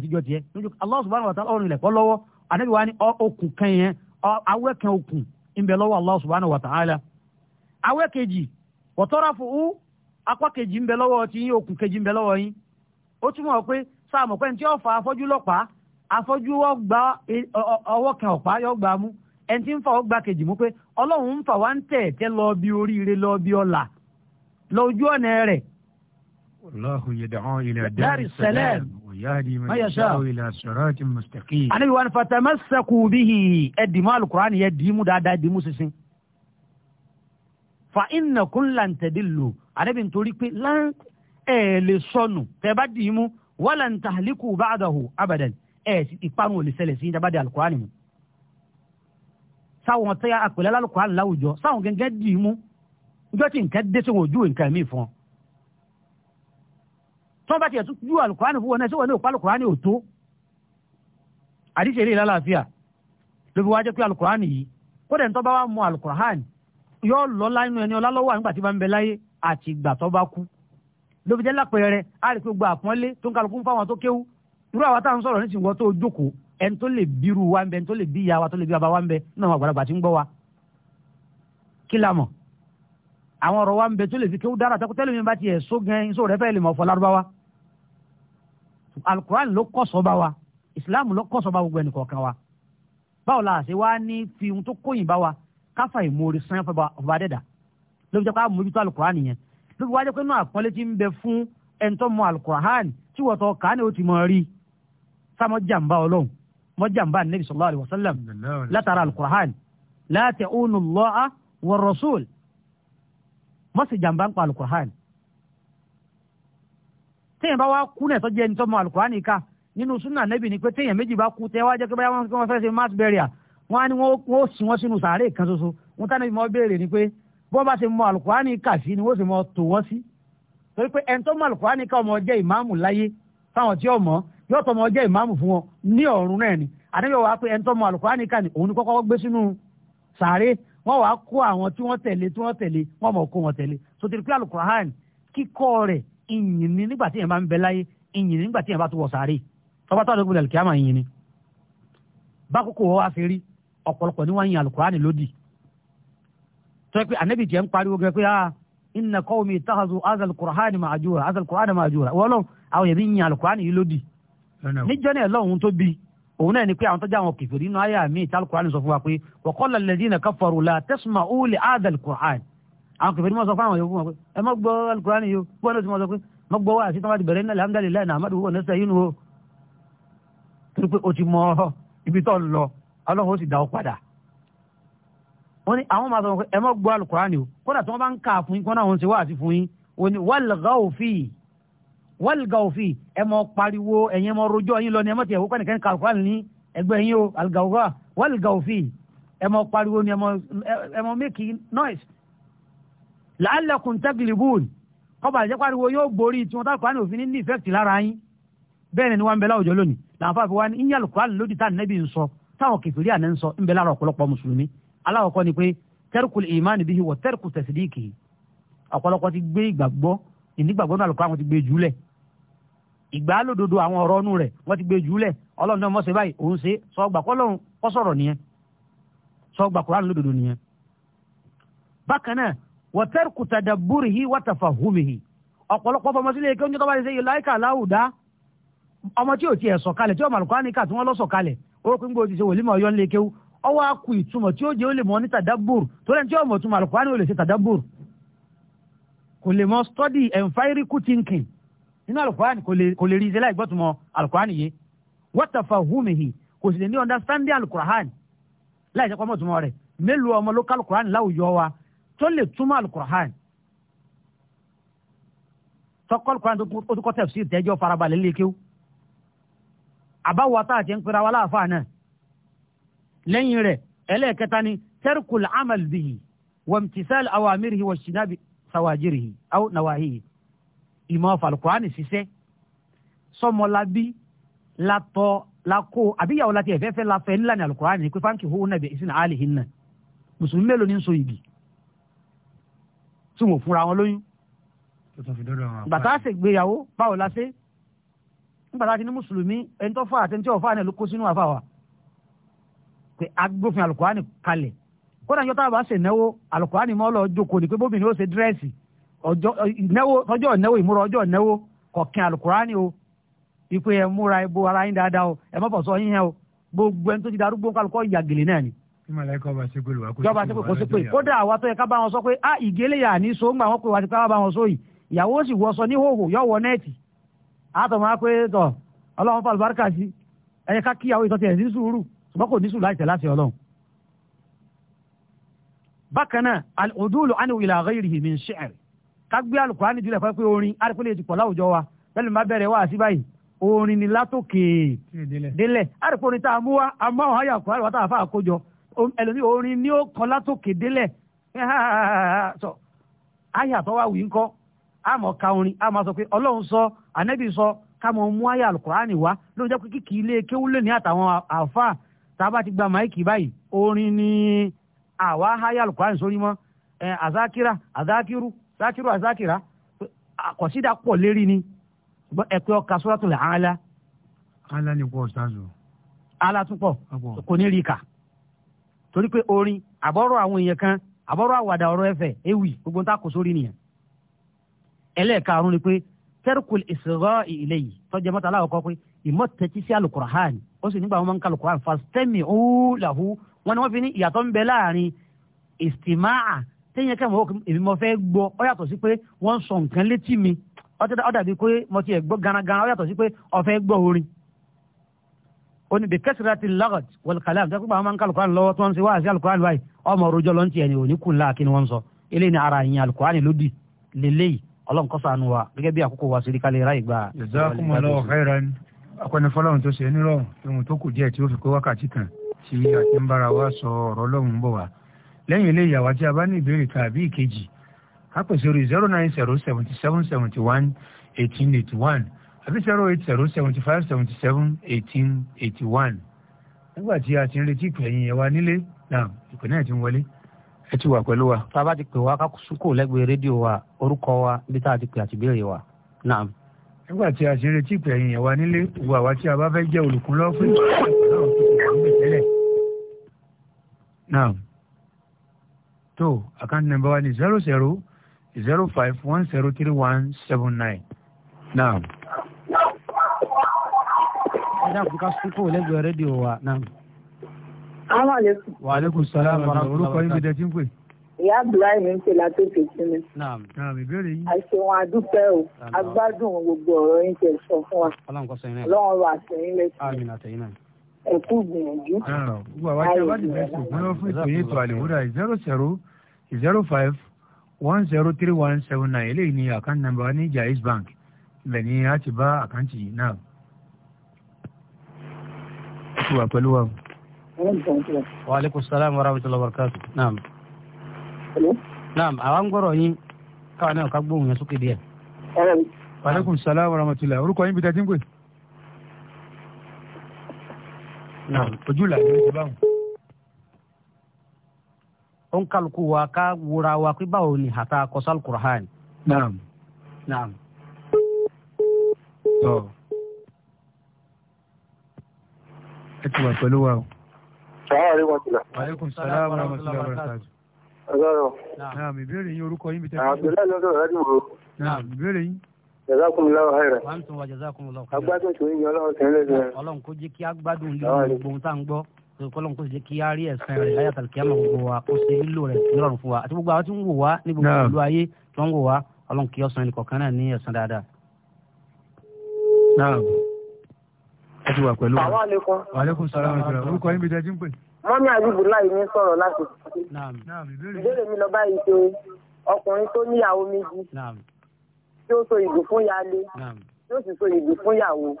Speaker 2: tiẹ̀ lọ́wọ́ ní okùn kan awẹ́kẹ́ okùn ńbẹ lọ́wọ́ Allah subhanahu awẹ́ kejì wọ́tọ́ra fún afọ́jú lọ́pàá afọ́jú ọgbà ọwọ́ kan ọ̀pá yọ gbà mú ẹni tí ń fa ọgbà kejì mú pé ọlọ́run ń fà wá ń tẹ̀ tẹ́ lọ bí oríire lọ bí ọ̀la lọ ojú ọ̀nà rẹ̀.
Speaker 1: Allahu yad'u ila dari salam wa yahdi man yasha'u ila siratin mustaqim. Ànábì
Speaker 2: wa ni fatamassaku bihi ẹ dìmú alukur'ani yẹ dìímú dáadáa dìímú sísìn. Fa inna kullan tadillu ẹ̀ ìparun ò lè ṣẹlẹ̀ sí ìjábàdì alukurani mu sáwọn tẹ́yà àpẹẹrẹ alukurani láwùjọ sáwọn gẹ́gẹ́ dì í mú njọ́ tí nǹkan dé sí wọn ojú nǹkan mí fún ọ tọ́ bá tiẹ̀ ju alukurani fún wọn náà sí wọn ní òpá alukurani ò tó àdìsí eré ìlàlàáfíà ló fi wá jẹ́ pé alukurani yìí kódà ní tọ́ bá wà mú alukurani yóò lọ láyé ẹni ọlá àgbà tí bá ń bẹ láyé àti ìgbà tó bá kú jẹ́ lápẹẹrẹ á rí pé gbogbo àpọ́nlé tó ń kálukú fáwọn tó kéwú irú àwa táwọn sọ̀rọ̀ nísìnyí wọ́n tó jókòó ẹni tó lè bírú wa ń bẹ ẹni tó lè bí ìyá wa tó lè bí bàbá wa ń bẹ náà wọn àgbàlagbà ti ń gbọ́ wa kí la mọ̀ àwọn ọ̀rọ̀ wa ń bẹ tó lè fi kéwú dára tako tẹ́lẹ̀ mi bá tiẹ̀ so gan iṣẹ́ rẹ̀ fẹ́ẹ́ lè mọ̀ ọ̀fọ̀ lárúbáwá alukuran ló kọ́sọ̀ bá wa islam ló kọ́sọ̀ bá gbogbo ẹnìkọ̀ọ̀kan wa báwo la ṣe wá ní fi ohun tó kóyìn bá wa káfà ìmoore sanyẹ fọba ló fi jẹ́ ká mójútó alukuran yẹn ló fi wá jẹ́ pé náà àpọ́nlé ti ń bẹ fún ẹni alukuran tí wọ́n tọ́ kàá ni ó ti mọ rí sámọ́ jàǹbá ọlọ́run mọ́ jàǹbá nabi sallallahu alayhi wa sallam látara alukur'an la ta'unu Allaha wa rasul mọ́ sì jàǹbá ń pa alukur'an téèyàn bá wá kú náà tó jẹ́ ẹni tó mọ alukur'an ká nínú sunna nabi ni pé téèyàn méjì bá kú tẹ́ wá jẹ́ pé wọ́n fẹ́ ṣe mass burial wọ́n á ní wọ́n ó sin wọ́n sínú sàárè kan ṣoṣo wọ́n tán nabi mọ́ béèrè ni pé bọ́n bá ṣe mọ alukur'an kà sí ni wọ́n sì mọ tò wọ́n sí torí pé ẹni tó mọ alukur'an ká ọmọ jẹ́ ìmáàmù láyé fáwọn tí ó mọ̀ yóò tọmọ jẹ́ ìmáàmù fún wọn ní ọ̀run náà ni àdébẹ̀ wàá pé ẹni tọmọ àlùkùránì kan ní òun ni kọ́kọ́ gbé sínú sàárè wọ́n wàá kó àwọn tí wọ́n tẹ̀lé tí wọ́n tẹ̀lé wọ́n mọ̀ kó wọn tẹ̀lé sotiri pé àlùkùránì kíkọ́ rẹ̀ ìyìn ni nígbà tí yẹn bá ń bẹ láyé ìyìn ni nígbà tí yẹn bá tó wọ sàárè tọ́ba tó àdókòwò lẹ́lẹ̀kí àmà ìyìn ni bákòókò wọ́n wá fi rí ọ̀pọ̀lọpọ̀ ni wọ́n yin àlùkùránì lódì tọ́jú pé ànábì jẹ́ ń pariwo gẹ́gẹ́ pé ah inna qawmi ittakhadhu azal qur'ani ma'jura azal qur'ani ma'jura wọ́n lọ́n àwọn yẹn bí yin àlùkùránì yìí lódì níjọ́ náà lọ́hùn tó bi òun náà ni pé àwọn tọ́jà àwọn kìfìrí nínú àyà mi ìtàlù kùránì sọ fún wa pé wọ́kọ́lá lẹ́dínà káfọ̀rù la tẹ́sùmà òòlì àdàl kùránì àwọn kìfìrí mọ̀ sọ fún àwọn yòókù wọn pé ẹ má gbọ́ alukùránì yìí gbọ́n náà sì mọ̀ sọ pé má gbọ́ wá àti tí wọ́n ti bẹ̀rẹ̀ ní alhamdulilayi náà amadu wọn nẹ́sẹ̀ yín o torí pé o ti mọ ibi tó ń lọ ọlọ́run ó sì dá ọ padà wọ́n ní àwọn máa sọ pé ẹ má gbọ́ alukùránì o kódà tí wọ́n bá ń kà fún yín kọ́nà àwọn ń ṣe wá àti fún yín wọ́n ní wàlúùgáwò fíì wàlgà òfì ẹ mọ pariwo ẹ̀yin mọ rojọ́ yín lọ ni ẹ mọ tiẹ̀ wọ́pẹ́ nìkan kàlùkọ́ ní ẹgbẹ́ yín o àlgàwọ́ wàlgà òfì ẹ mọ pariwo ni ẹ mọ make noise. la'allakum taglibun kọ́ba àjẹ́ pariwo yóò borí tí wọ́n tàkùrọ̀ ní òfin ní effect lára yín bẹ́ẹ̀ ni wọ́n ń bẹ láwùjọ lónìí làǹfà fi wá ní ìyẹn àlùkùrọ̀ lòdì tá nẹ́bí ń sọ táwọn kẹfìrí àná ń sọ ń bẹ lára ọ̀pọ̀lọpọ̀ mùsùlùmí aláwọ̀kọ́ ni pé tẹ́rùkùl ìmánì bíi wọ tẹ́rùkù tẹ̀sídìkì ọ̀pọ̀lọpọ̀ ti gbé ìgbàgbọ́ ìnígbàgbọ́ náà àlùkùrọ̀ àwọn ti gbé jùlẹ̀ ìgbà lódodo àwọn ọ̀rọ̀ ọ̀nù rẹ̀ wọ́n ti gbé jùlẹ̀ ọlọ́run náà mọ̀ọ́sẹ̀ báyìí òun ṣe sọ gbà kọ́lọ́run kọ́ sọ̀rọ̀ nìyẹn sọ gbà kúránù lódodo nìyẹn. bákan náà wa tarku tadabburihi wa tafahumihi ọ̀pọ̀lọpọ̀ ọmọ sílé kí oúnjẹ tó bá ti ṣe yìí láìka láwùdá ọmọ tí ò tiẹ̀ sọ̀kalẹ̀ tí ọmọ àlùkò nìkà tí wọ́n lọ sọ̀kalẹ̀ orúkọ ń gbòó nínú alukurani kò lè rí iṣẹ́ láì gbọ́tùmọ̀ alukurani yé wọ́tàfà hùmìhì kò sì lè ní understanding alukurani láì jẹ́ pọ́nmọ́ tùmọ̀ rẹ̀ mélòó ọmọ ló ká alukurani láwùjọ wa tó lè túmọ̀ alukurani tọkọ alukurani tó tó kọ́ tafsir tẹ́jọ́ farabalẹ̀ lékewu àbáwọ̀ tá a ti ń pera wa láàfáà náà lẹ́yìn rẹ̀ ẹlẹ́ẹ̀kẹta ni tẹ́rkùl amal bihi wàmtisal awamirihi wàṣínábi sawajirihi aw nawahihi ìmọ̀ falùkùránì ṣiṣẹ́ sọmọlábí látọ lakó àbíyàwó láti ẹ̀fẹ́ fẹ́ lafẹ́ ńlá ní alùkùránì pé fáńkì hó nàbẹ̀ ìsìn àálì hin nà mùsùlùmí mélòó ní so ìbí tí wọn fúnra wọn lóyún. bàtà ṣègbéyàwó báwo la ṣe nígbà tá a ti ní mùsùlùmí ẹni tó fà àti ẹni tí ò fà náà ló kó sínú àfà wa pé agbófin alùkùránì kalẹ̀ kódà yọtá bá ṣènáwó alùkùránì mọ́ lọ jókòó ni pé bóbìnrin ó ṣe dírẹ́sì ọjọ́ ìnáwó ọjọ́ ìnáwó ìmúra ọjọ́ ìnáwó kọ̀kin alukurani o ìpè ẹ̀ múra ibo ara yín dáadáa o ẹ̀ má fọ̀sọ̀ yín yẹn o gbogbo ẹni tó ti darúgbó kálukọ́ ìyàgèlè náà ni.
Speaker 1: jọba sẹ́pẹ̀ kò sẹ́pẹ̀ kódà
Speaker 2: àwa tó yẹ ká bá wọn sọ pé ah ìgélé yà ní so ńgbà wọn pé wà á ti ká bá wọn so yìí ìyàwó sì wọ sọ ní hòhò yọ wọ nẹ́ẹ̀tì àtọ̀ máa pé tọ̀ ọlọ́run fàlù bárkà sí ẹ̀yẹ ká kíyàwó ìtọ́tì ẹ̀ sí sùúrù ṣùgbọ́n kò ní sùúrù láì tẹ̀ bákan náà al udulu anu ila ghairihi kágbé alukurani jùlọ fẹ́ pé orin arípẹ́lẹ́ ti pọ̀ láwùjọ wa bẹ́ẹ̀ ni má bẹ̀rẹ̀ wá sí báyìí orin ni látòkè délẹ̀ arípẹ́ orin tá a mú wa a mú àwọn àyà kúrò àwọn àfa àkójọ ẹlòmíì orin ni ó kọ látòkè délẹ̀ sọ àyà tó wá wì ń kọ́ àmọ́ ka orin àmọ́ sọ pé ọlọ́run sọ ànẹ́bí sọ káwọn mú àyà alukurani wá ló ń jẹ́ pé kíkì ilé kéwúlé ní àtàwọn àfa tá a bá ti gba máìkì báyìí orin ni àwa àyà alukurani sórí mọ́ àzákírà àzákírù sákìrù àsákìrà àkọsídà pọ̀ lérí ni ṣùgbọ́n ẹ pé ọkà suratul àlá.
Speaker 1: àlá ni pọ̀ ṣáàzù.
Speaker 2: àlá tún pọ̀ kò ní rí i kà torí pé orin àbọ̀rọ̀ àwọn èèyàn kan àbọ̀rọ̀ àwàdà ọ̀rọ̀ ẹ̀fẹ̀ ewì gbogbo ń takò sórí nìyẹn. ẹlẹ́ẹ̀karùn ni pé tẹ́rùkùl ìṣòro ilé yìí tọ́jú ẹ̀mọ́ta aláwọ̀kọ́ pé ìmọ̀tẹ́tí sí alukurahan ó sì nígbà wọn máa ń ka alukurahan fastami'u lahu wọn ni wọ́n fi ní ìyàtọ̀ ń bẹ láàrin ìsìmáà téèyàn kẹ́ mọ̀ èmi mo fẹ́ gbọ́ ọ yàtọ̀ sí pé wọ́n ń sọ nǹkan létí mi ọ dàbí pé mo ti ẹ̀ gbọ́ garagara ọ yàtọ̀ sí pé ọ fẹ́ gbọ́ orin oni bi kasirati lagat wal kalam ta kuma man kalkuran lọ́wọ́ tó ń ṣe wá sí báyìí ọmọ rojọ lọ ń tiẹ̀ ni òní kun láàkín wọn sọ ilé ni ara yìnyín alukuran lòdì lélẹ́yìí ọlọ́run kọ́ sànù wa gẹ́gẹ́ bí àkókò
Speaker 1: wa sírí kalẹ̀ ra ìgbà. jazakumullahu khairan akọni fọlọ́run tó ṣe nírọ̀ lẹ́yìn ilé ìyàwó tí a bá ní ìbéèrè tàbí ìkejì a pè sórí zero nine zero seventy seven seventy one eighteen eighty one àbí zero eight zero seventy five seventy seven eighteen eighty one nígbà tí a ti ń retí ìpè ẹ̀yìn yẹn wá nílé náà ìpè náà ti ń wọlé ẹ ti wà pẹ̀lú wa. tá a bá ti pè wá ká lẹ́gbẹ̀ẹ́ rédíò wa orúkọ wa bí tá a ti pè àti ìbéèrè wa náà. nígbà tí a ti ń retí ìpè ẹ̀yìn yẹn wá nílé gbogbo àwa tí a bá fẹ́ jẹ́ olùkúnlọ́ fún ìpè náà tó kò wá ń bẹ̀ náà tó account number wa ni zero zero zero five one zero three one seven nine náà.
Speaker 2: Ìyá Abdullahi ń pè láti òkè sí Àṣewọ̀n àdúpẹ́ o, agbádùn
Speaker 1: gbogbo ọ̀rọ̀ yín tẹ̀ sọ fún wa. Ọlọ́run wà sẹ́yìn lẹ́sìn ẹ̀kú gbìyànjú. gbogbo àwọn ajá bá dìbò ẹ̀sùn wọn lọ fún ètò yìí ètò àlèwúrà zero zero zero five one zero three one seven nine eléyìí ni àkáǹtì nàmbà ní Jaiz Bank ibẹ̀ ni a ti bá àkáǹtì yìí náà. ṣé wà pẹ̀lú wa.
Speaker 2: wa aleykum salaam wa rahmatulah wa barakatu.
Speaker 1: naam. naam àwa ń gbọ́rọ̀ yín káwa náà ká gbóhùn yẹn sókè díẹ̀. wa aleykum salaam wa rahmatulah orúkọ yín bí tẹ́tí ń pè. náà ojú làwọn
Speaker 2: ẹni ti báwọn. ó ń kálukú wa ká wúra wa pé báwo ni hàtà kọsán kùrán. náà náà.
Speaker 1: ẹ ti wà pẹ̀lú wa o. sàlámù aleykum sàlámù aleykum sàlámù aleykum. ọ̀gá rẹ̀. náà ìbéèrè yín orúkọ yín bí tẹ́lẹ̀. àbẹ̀lẹ̀ lọ́dọ̀ rẹ̀ dùn o. náà ìbéèrè yín jazakumullahu khairan. wa antum wa jazakumullahu khairan. agbádùn tó ń yọ ọlọ́run tẹ́lẹ̀ rẹ̀.
Speaker 2: ọlọ́run kò jẹ́ kí agbádùn lílo gbogbo tá à ń gbọ́ kọlọ́n kó sì jẹ́ kí a rí ẹ̀sán rẹ̀ láyà tàbí kí a máa gbogbo wa kó ṣe nílò rẹ̀ nírọ̀rùn fún wa àti gbogbo àwọn tí ń wò wá ní gbogbo ìlú ayé tó ń wò wá ọlọ́run kí ọ̀sán ẹnì kọ̀ọ̀kan náà ní ẹ̀sán dáadáa.
Speaker 1: náà ẹ ti wà pẹ̀lú wa. àwọn àlékún. àlékún sọ̀rọ̀ àwọn ìṣòro orúkọ yín bí dẹ́jú ń pè.
Speaker 2: mọ́mí àdúgbò láì ní sọ̀rọ̀ láti. ìbéèrè mi lọ báyìí pé ọkùnrin tó níyàwó
Speaker 1: méjì
Speaker 2: tí ó so ìdù fún yálé tí ó sì so ìdù fún yàwó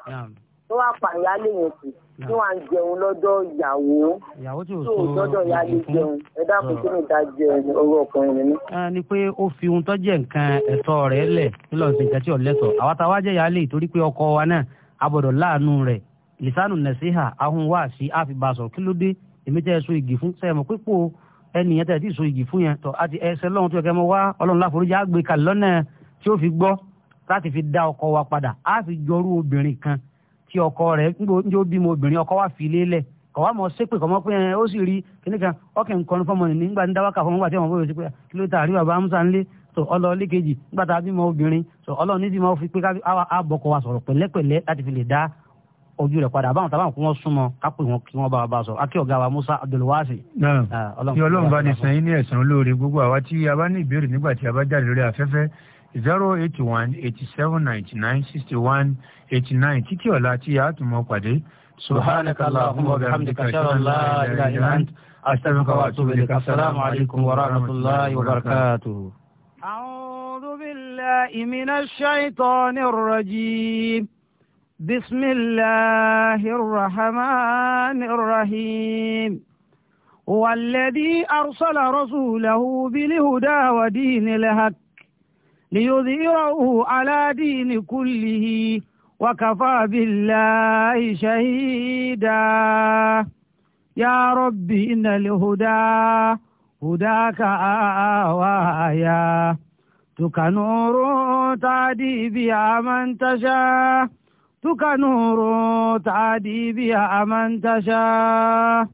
Speaker 2: tó wá pa ìyálé yẹn sí tí wọ́n á jẹun lọ́dọ̀ ìyàwó
Speaker 1: tí ò dọ́dọ̀ ìyálé jẹun
Speaker 2: ẹ dákun kí ni ìdajì ọwọ́ ọkùnrin mi. ni pé ó fi ohun tó jẹ́ nǹkan ẹ̀tọ́ rẹ̀ lẹ̀ nílọ́sìn ìjà tí ò lẹ́tọ̀ àwa táwa jẹ́ ìyálé torí pé ọkọ wa náà abọ̀dọ̀ láàánú rẹ̀ lisanu nasiha ahun wa sí àfibàsọ̀ kí ló dé èmi tẹ́ ẹ so igi fún sẹ́yìn mọ̀ pípò ẹnìyẹn tẹ́ ẹ ti so igi fún yẹn tọ́ àti ẹsẹ̀ lọ́run tó yẹ kẹ́ wá ọlọ́run láforíjì àgbékalẹ̀ lọ́nà tí ó fi gbọ́ láti fi dá ọkọ wa padà á sì jọrú obìnrin kan tí ọkọ rẹ̀ ń jó bímọ obìnrin ọkọ wa fi lélẹ̀ kọ̀wá mọ̀ sépè kọ̀mọ́ pé ẹ ó sì rí kíní kan ọkẹ́ nǹkan ní fọmọ nìyí nígbà ní dáwàkà fún wọn àti àwọn bóyá sípè kí ló ta àríwá bá musa ńlé tó ọlọ́ọ̀lẹ́ kejì nígbà tá a bímọ obìnrin tó ọlọ́ọ̀ni ti máa fi pé ká bọ̀kọ̀ wa sọ̀rọ̀ pẹ̀lẹ́pẹ̀lẹ́ láti fi lè dá ojú rẹ̀ padà àbáwọn tábàwọn kó wọ́n súnmọ́ kápẹ́ wọn kí wọ́n bá wa bá sọ akí ọ̀gá wa musa abdulwasi. Ah, ọlọ́run bá ní
Speaker 1: sàn ní ẹ̀sán olóore gbogbo àwa tí a bá ní ìbéèrè nígbà tí a bá jáde lórí afẹ́fẹ́ zero eight one eighty seven ninety nine sixty one eighty nine títí ọ̀la tí a tún mọ́ pàdé. سبحانك اللهم وبحمدك اشهد ان لا اله الا انت استغفرك واتوب اليك السلام عليكم ورحمه
Speaker 2: الله وبركاته اعوذ بالله من الشيطان الرجيم بسم الله الرحمن الرحيم هو الذي ارسل رسوله بالهدى ودين الحق ليظهره على دين كله وكفى بالله شهيدا يا رب إن الهدى هداك آوايا تك نور تعدي بها من تشاء تك نور تعدي بها من تشاء